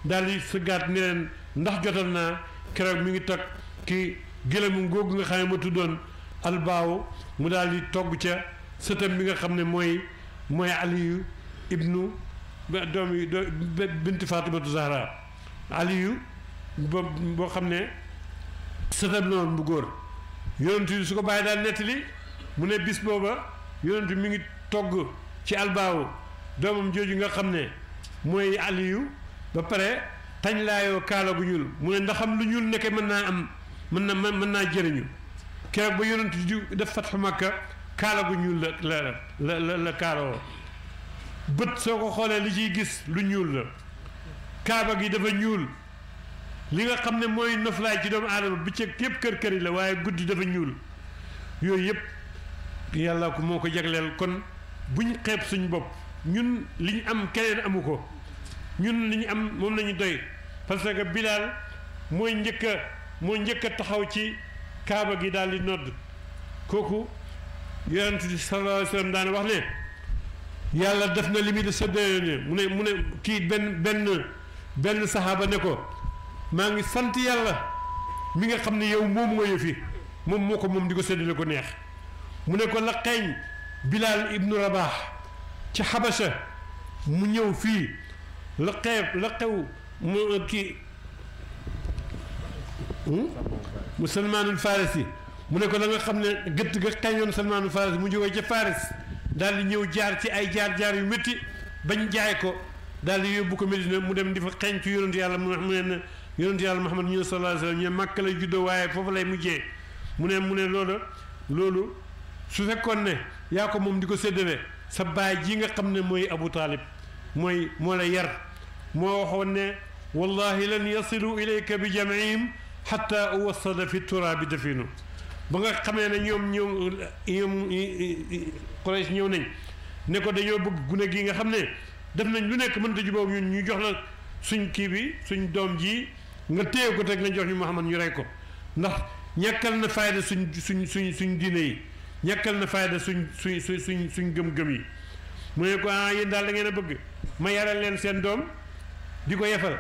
daal di sëggaat ne leen ndax jotal naa keroog mi ngi toog ki gëlëm googu nga xam ne ma tuddoon albaaw mu daal di togg ca sëtam bi nga xam ne mooy mooy aliyu ibnu doom yi bint fatimatu zahra aliyu bo boo xam ne sëtam la bu góor yonentu yi su ko bàyyi daal nettali mu ne bis booba yonentu mi ngi togg ci albaaw doomam jooju nga xam ne mooy aliyu ba pare tañ laayoo kaala gu ñuul mu ne ndax lu ñuul nekke mën naa am mën na mën naa jëriñu keroog ba yonent di def fatxu makka kaala gu ñuul la la la la la kaalawoo bët soo ko xoolee li ciy gis lu ñuul la kaaba gi dafa ñuul li nga xam ne mooy noflaay ci doomu aadama bëccëg yëpp kër kër yi la waaye guddi dafa ñuul yooyu yëpp yàlla ko moo ko jagleel kon buñ xeeb suñ bopp ñun li am keneen amu ko ñun li am moom lañu doy parce que Bilaal mooy njëkk mo ñëk taxaw ci kaaba gi dal di nodd koku yaronte bi sallallahu alayhi wasallam daana wax le yàlla def na limi muy de séddale mu ne mu ne ki ben ben ben sahaba ne ko ma ngi sant yàlla mi nga xamni yow mom nga yëfi mom moko mom diko di ko neex mu ne ko la xeeñ bilal ibn rabah ci habasha mu ñëw fi la xeeb la xew mu ki مسلمان الفارسي مونيكو داغا خامني گت گا خانيون سلمان الفارسي مو جوي سي فارس دال لي نييو جار سي اي جار جار يو ميتي باني جاي كو دال لي يوبو كو مدينه مو ديم ديفا خنت يونت يالا مونن يونت يالا محمد نيو صلى الله عليه وسلم ني مكه لا جودو واي فوف لاي مجي مونن مونن لولو لولو سو فيكون ني ياكو موم ديكو سيدوي سا باي جيغا خامني موي ابو طالب موي مولا ير مو واخون ني والله لن يصلوا اليك بجمعهم xataa wasala fi bi dafinu ba nga xamee na ñoom ñoom ñoom Quraysh ñëw nañ ne ko dañoo bëgg gune gi nga xam ne def nañ lu nekk mënta jubóog ñun ñu jox na suñ kii bi suñ doom ji nga téye ko teg nga jox ñu Muhammad ñu rey ko ndax ñàkkal na fayda suñ suñ suñ suñ diine yi ñàkkal na fayda suñ suñ suñ suñ suñ gëm-gëm yi mu ne ko ah yéen daal da ngeen a bëgg ma yaral leen seen doom di ko yefal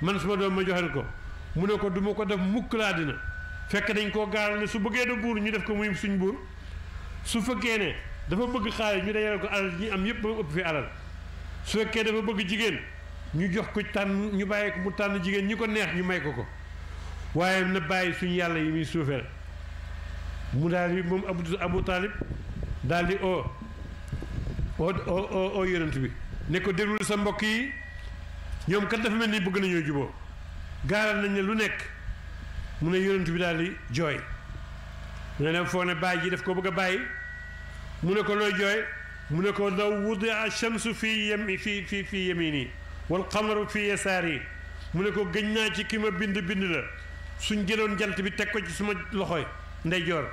man suma doom ma joxel ko mu ne ko du ma ko def mukk laa dina fekk dañ koo gaaral ne su bëggee da buur ñu def ko muy suñ buur su fekkee ne dafa bëgg xaalis ñu dajale ko alal ñi am yépp ba mu ëpp fi alal su fekkee dafa bëgg jigéen ñu jox ko tànn ñu bàyyi ko mu tànn jigéen ñi ko neex ñu may ko ko waaye na bàyyi suñ yàlla yi muy suufeel mu daal di moom abu abu taalib daal di oo oo oo oo yonent bi ne ko déglu sa mbokk yi ñoom kat dafa mel ni bëgg nañoo juboo gaaral nañ ne lu nekk mu ne yonent bi daal di mu ne dem foo ne bàyyi ji daf ko bëgg a bàyyi mu ne ko looy jooy mu ne ko law wudia shamsu fii yem fii fii fii nii wal qamaru fii yi mu ne ko gëñ naa ci ki ma bind bind la suñ jëloon jant bi teg ko ci suma loxoy ndeyjoor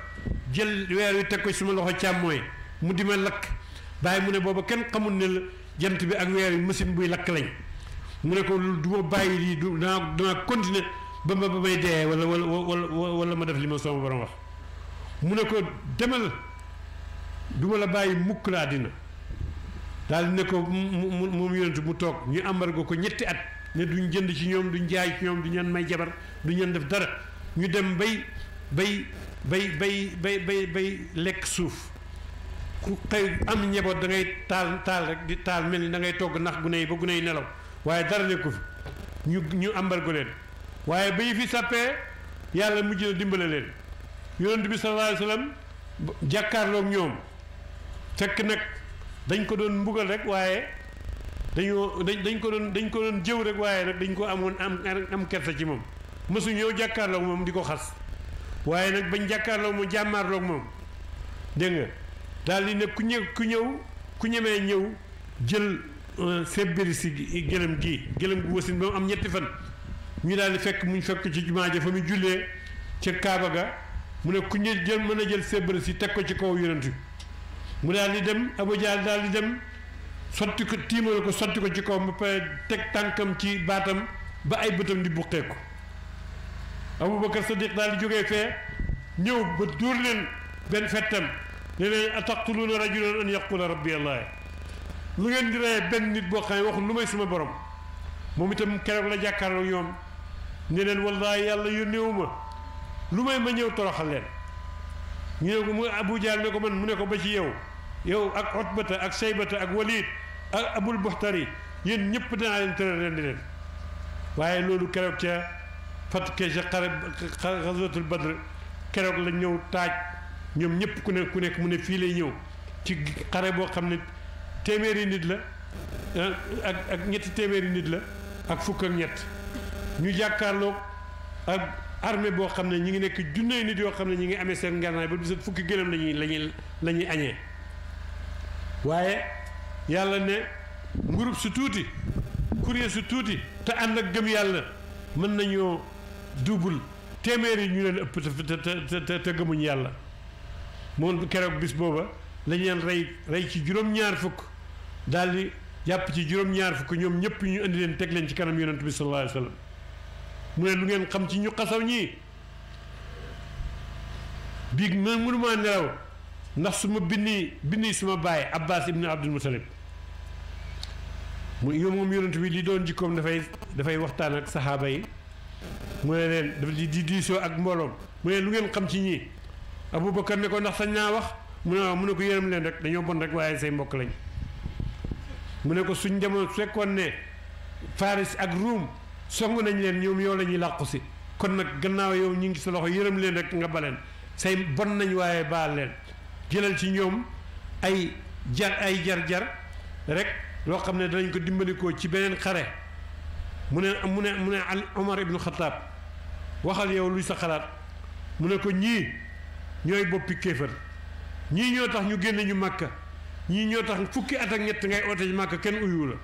jël weer wi teg ko ci suma loxo càmmooy mu di ma lakk bàyyi mu ne booba kenn xamul ne la jant bi ak weer wi machine buy lakk lañ mu ne ko du ma bàyyi lii du danaa danaa continuer ba ma ba may dee wala wala wala wala ma def li ma soow sama borom wax mu ne ko demal du ma la bàyyi mukk laa dina daal ne ko mu mu yonent mu toog ñu embargo ko ñetti at ne duñ jënd ci ñoom duñ jaay ci ñoom duñ leen may jabar duñ leen def dara ñu dem bay bay bay bay bay bay bay lekk suuf ku xëy am njaboot da ngay taal taal rek di taal mel ni dangay ngay togg nax gune yi ba gune yi nelaw. waaye dara nekku fi ñu ñu embargo leen waaye ba yi fi sàppee yàlla mujj na dimbale leen yonent bi sallallahu alayhi wa sallam nag dañ ko doon mbugal rek waaye dañoo dañ dañ ko doon dañ ko doon jëw rek waaye nag dañ ko amoon am am kersa ci moom mësu ñëw jàkkaarloog moom di ko xas waaye nag bañ jàkkaarloog moom jàmmaarlook moom dégg nga daal ne ku ñëw ku ñëw ku ñemee ñëw jël sebbiri si gëlëm gi gëlëm gu wasin ba mu am ñetti fan ñu daal di fekk muñ fekk ci jumaa ja fa mu jullee ca Kaaba ga mu ne ku ñu jël mën a jël sebbiri si teg ko ci kaw yonent bi mu daal di dem Abu Jahl daal di dem sotti ko tiimal ko sotti ko ci kaw ba pare teg tànkam ci baatam ba ay bëtam di buqee ko Abubakar Sadiq daal di jógee fee ñëw ba dóor leen benn fettam ne leen ataqtuluuna rajulan an yaqula rabbi allah lu ngeen di reyee benn nit boo xam ne waxul lu may suma borom moom itam keroog la jàkkaarloo ñoom ne leen wallaahi yàlla yónneewu ma lu may ma ñëw toroxal leen ñu ne ko mu Abu Jahl ne ko man mu ne ko ba ci yow yow ak Utbata ak Saybata ak Walid ak Abul Buxtari yéen ñëpp danaa leen tëral leen di leen waaye loolu keroog ca fatke ca xare xasatul badr keroog la ñëw taaj ñoom ñëpp ku ne ku nekk mu ne fii lay ñëw ci xare boo xam ne téeméeri nit la ak ñetti téeméeri nit la ak fukk ak ñett ñu jàkkaarlook ak armée boo xam ne ñi ngi nekk junney nit yoo xam ne ñi ngi amee seen ngànnaay ba bisat fukki gëlëm lañuy lañuy la ñuy añee waaye yàlla ne ngurub su tuuti kuréel su tuuti te ànd ak gëm yàlla mën nañoo duubul téeméeri ñu leen ëpp te te te gëmuñ yàlla moom keroog bis booba lañ leen rey rey ci juróom-ñaar fukk daal di jàpp ci juróom-ñaar fukk ñoom ñëpp ñu indi leen teg leen ci kanam yonent bi sallallahu alayhi wa sallam mu ne lu ngeen xam ci ñu xasaw ñii biig mënumaa nelaw ndax su ma binni suma baay abbas ibnu abdul mutalib mu yow moom yonent bi li jikkoom dafay dafay waxtaan ak saxaaba yi mu ne leen dafa di diisoo ak mbooloom mu ne lu ngeen xam ci ñii aboubacar ne ko ndax sañ naa wax mu ne waaw mu ne ko yërëm leen rek dañoo bon rek waaye say mbokk lañ mu ne ko suñ demoon fekkoon ne Faris ak Ruum songu nañ leen ñoom yow la ñuy làqu si kon nag gannaaw yow ñu ngi sa loxo yërëm leen rek nga baleen say bon nañu waaye baal leen jëlal ci ñoom ay jar ay jar-jar rek loo xam ne danañ ko dimbalikoo ci beneen xare mu ne mu ne mu ne al Omar ibnu Xataab waxal yow luy sa xalaat mu ne ko ñii ñooy boppi kéefër ñii ñoo tax ñu génn ñu màkka ñii ñoo tax fukki at ak ñett ngay oote ji màkka kenn uyu la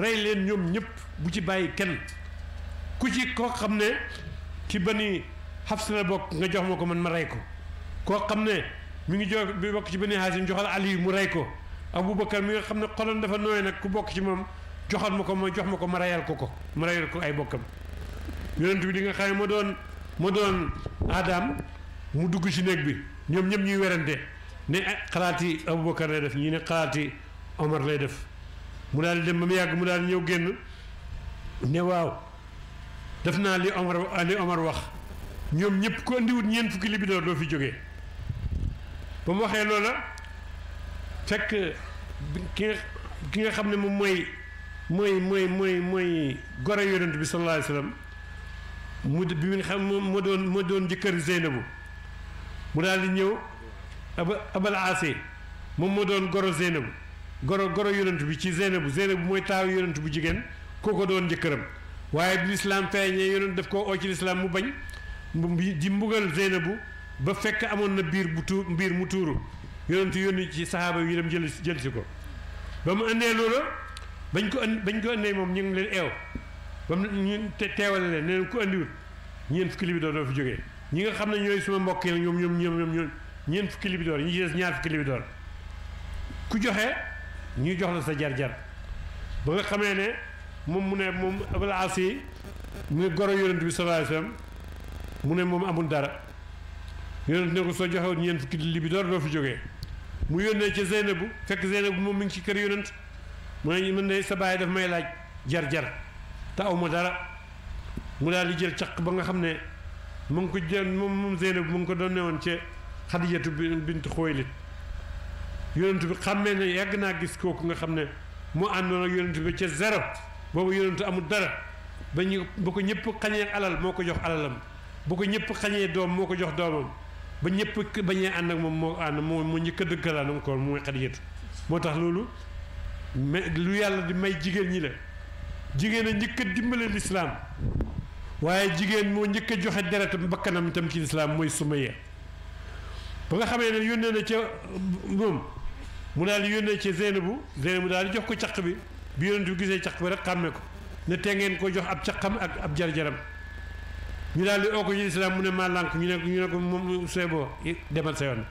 rey leen ñoom ñëpp bu ci bàyyi kenn ku ci koo xam ne ci bani Xafs la bokk nga jox ma ko man ma rey ko koo xam ne mi ngi jox bi bokk ci bani Haasim joxal Ali mu rey ko Aboubacar mi nga xam ne xolam dafa nooy nag ku bokk ci moom joxal ma ko ma jox ma ko ma reyal ko ko ma reyal ko ay bokkam yonent bi di nga xam ne ma doon ma doon Adam mu dugg ci néeg bi ñoom ñëpp ñuy werante ne ah, xalaati Aboubacar lay def ñi ne xalaati Omar lay def mu daal di dem ba mu yàgg mu daal ñëw génn ne waaw def naa li Omar li Omar wax ñoom ñëpp ko indiwut ñeent fukki libidoor doo fi jógee ba mu waxee loolu fekk ki nga xam ne moom mooy mooy mooy mooy mooy gore yonent bi sallallahu alayhi wa sallam mu bi nga xam moo doon moo doon jëkkër Zeynabu mu daal di ñëw aba abal aase moom moo doon goro Zeynabu goro goro yonent bi ci Zeynabu Zeynabu mooy taaw yonent bu jigéen kooko doon jëkkëram waaye bi lislaam feeñee yonent daf koo oo ci lislaam mu bañ di mbugal bu ba fekk amoon na biir bu tuur mbiir mu tuuru yonent yónni ci saxaaba yi dem jël jël si ko ba mu indee loola bañ ko indi bañ ko indee moom ñu ngi leen eew ba mu ñu teewale leen nee ku indiwut ñeent fukki li bi doo doo fi jógee ñi nga xam ne ñooy suma mbokk yi ñoom ñoom ñoom ñoom ñeent fukki libidoor ñi ci des ñaar fukki libidoor ku joxe ñu jox la sa jar-jar ba nga xamee ne moom mu ne moom Abul As yi mu ne goro mu ne moom amul dara yonent ne ko soo joxewoon ñeent fukki libidoor doo fi jógee mu yónnee ci Zeynabu fekk Zeynabu moom mi ngi ci kër yonent mu ne mën ne sa baay daf may laaj jar-jar te aw ma dara mu daal di jël caq ba nga xam ne mu ngi ko jën moom moom Zeynab mu ngi ko doon newoon ci xadijatu bint xooylit yonent bi xàmmee ne yàgg naa gis kooku nga xam ne moo àndoon ak yonent bi ca zéro boobu yonent amul dara ba ñu ba ko ñëpp xañee alal moo ko jox am bu ko ñëpp xañee doom moo ko jox doomam ba ñëpp bañee ànd ak moom moo ànd moo moo njëkk a dëggalaan encore mooy xadijatu moo tax loolu mais lu yàlla di may jigéen ñi la jigéen a njëkk a lislaam waaye jigéen moo njëkk a joxe deretam bakkanam itam ci lislaam mooy Sumayya ba nga xamee ne yónnee na ca moom mu daal di yónnee ca Zeynabu Zeynabu daal di jox ko caq bi bi yonent bi gisee caq bi rek xàmme ko ne te ngeen ko jox ab caqam ak ab jarjaram ñu daal di oo ko ci lislaam mu ne maa lànk ñu ne ñu ne ko moom seeboo demal sa yoon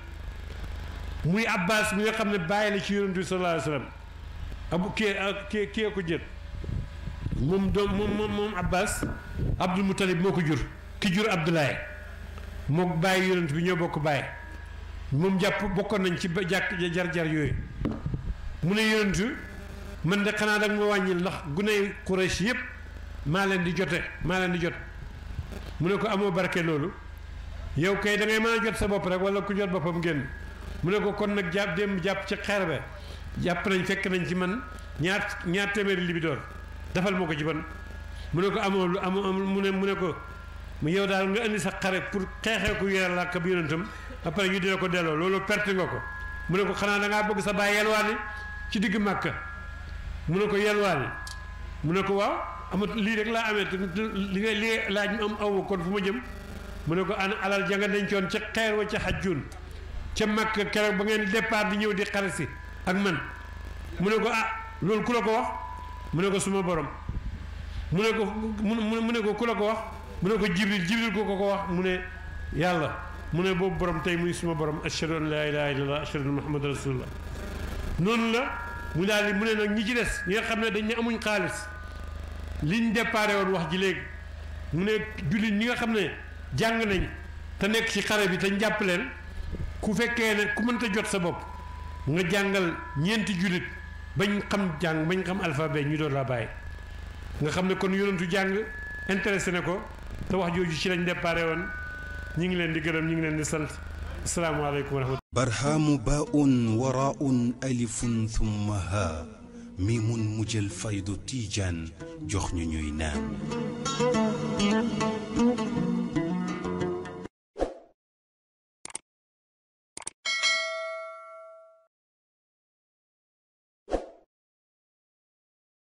muy Abbas mi nga xam ne bàyyi la ci yonent bi sallallahu alayhi wa sallam abu kii kii kii ko jël moom doom moom moom moom Abbas Abdul Muttalib moo ko jur ki jur Abdoulaye moo bàyyi yonent bi ñoo bokk bàyyi moom jàpp bokkoon nañ ci ba jàkk jar-jar yooyu mu ne yonentu man de xanaa dag ma wàññil ndax guney Quraysh yëpp maa leen di jote maa leen di jot mu ne ko amoo barke loolu yow kay dangay mën a jot sa bopp rek wala ku jot boppam génn mu ne ko kon nag jàpp dem jàpp ci xerbe jàpp nañ fekk nañ ci man ñaar ñaar téeméeri libidoor defal moo ko ci ban mu ne ko amoo lu amoo mu ne mu ne ko mu yow daal nga indi sa xare pour xeexee ko yàlla ak yonentam après ñu dina ko delloo loolu perte nga ko mu ne ko xanaa da bëgg sa baay yelwaani ci digg màkka mu ne ko yelwaani mu ne ko waaw amat lii rek laa amee li nga li laaj mu am aw kon fu ma jëm mu ne ko an alal ja nga dencoon ca xeer wa ca xajjun ca màkka keroog ba ngeen départ di ñëw di xare si ak man mu ne ko ah loolu ku la ko mu ne ko suma borom mu ne ko mu ne ko ku la ko wax mu ne ko jibril jibril ko ko ko wax mu ne yàlla mu ne boobu borom tey muy suma borom ashhadu an laa ilaha illallah ashhadu an muhammad rasulullah noonu la mu daal di mu ne nag ñi ci des ñi nga xam ne dañ ne amuñ xaalis liñ déparé woon wax ji léegi mu ne jullit ñi nga xam ne jàng nañ te nekk ci xare bi te jàpp leen ku fekkee ne ku mënta jot sa bopp nga jàngal ñeenti jullit bañ xam jàng bañ xam alphabet ñu doon la bàyyi nga xam ne kon yonentu jàng interessé na ko te wax jooju ci lañ déparé woon ñi ngi leen di gërëm ñi ngi leen di sant asalaamaaleykum warahmatu barhaamu baun waraun alifun thumma ha mi mun mu jël faydu tiijaan jox ñu ñuy naam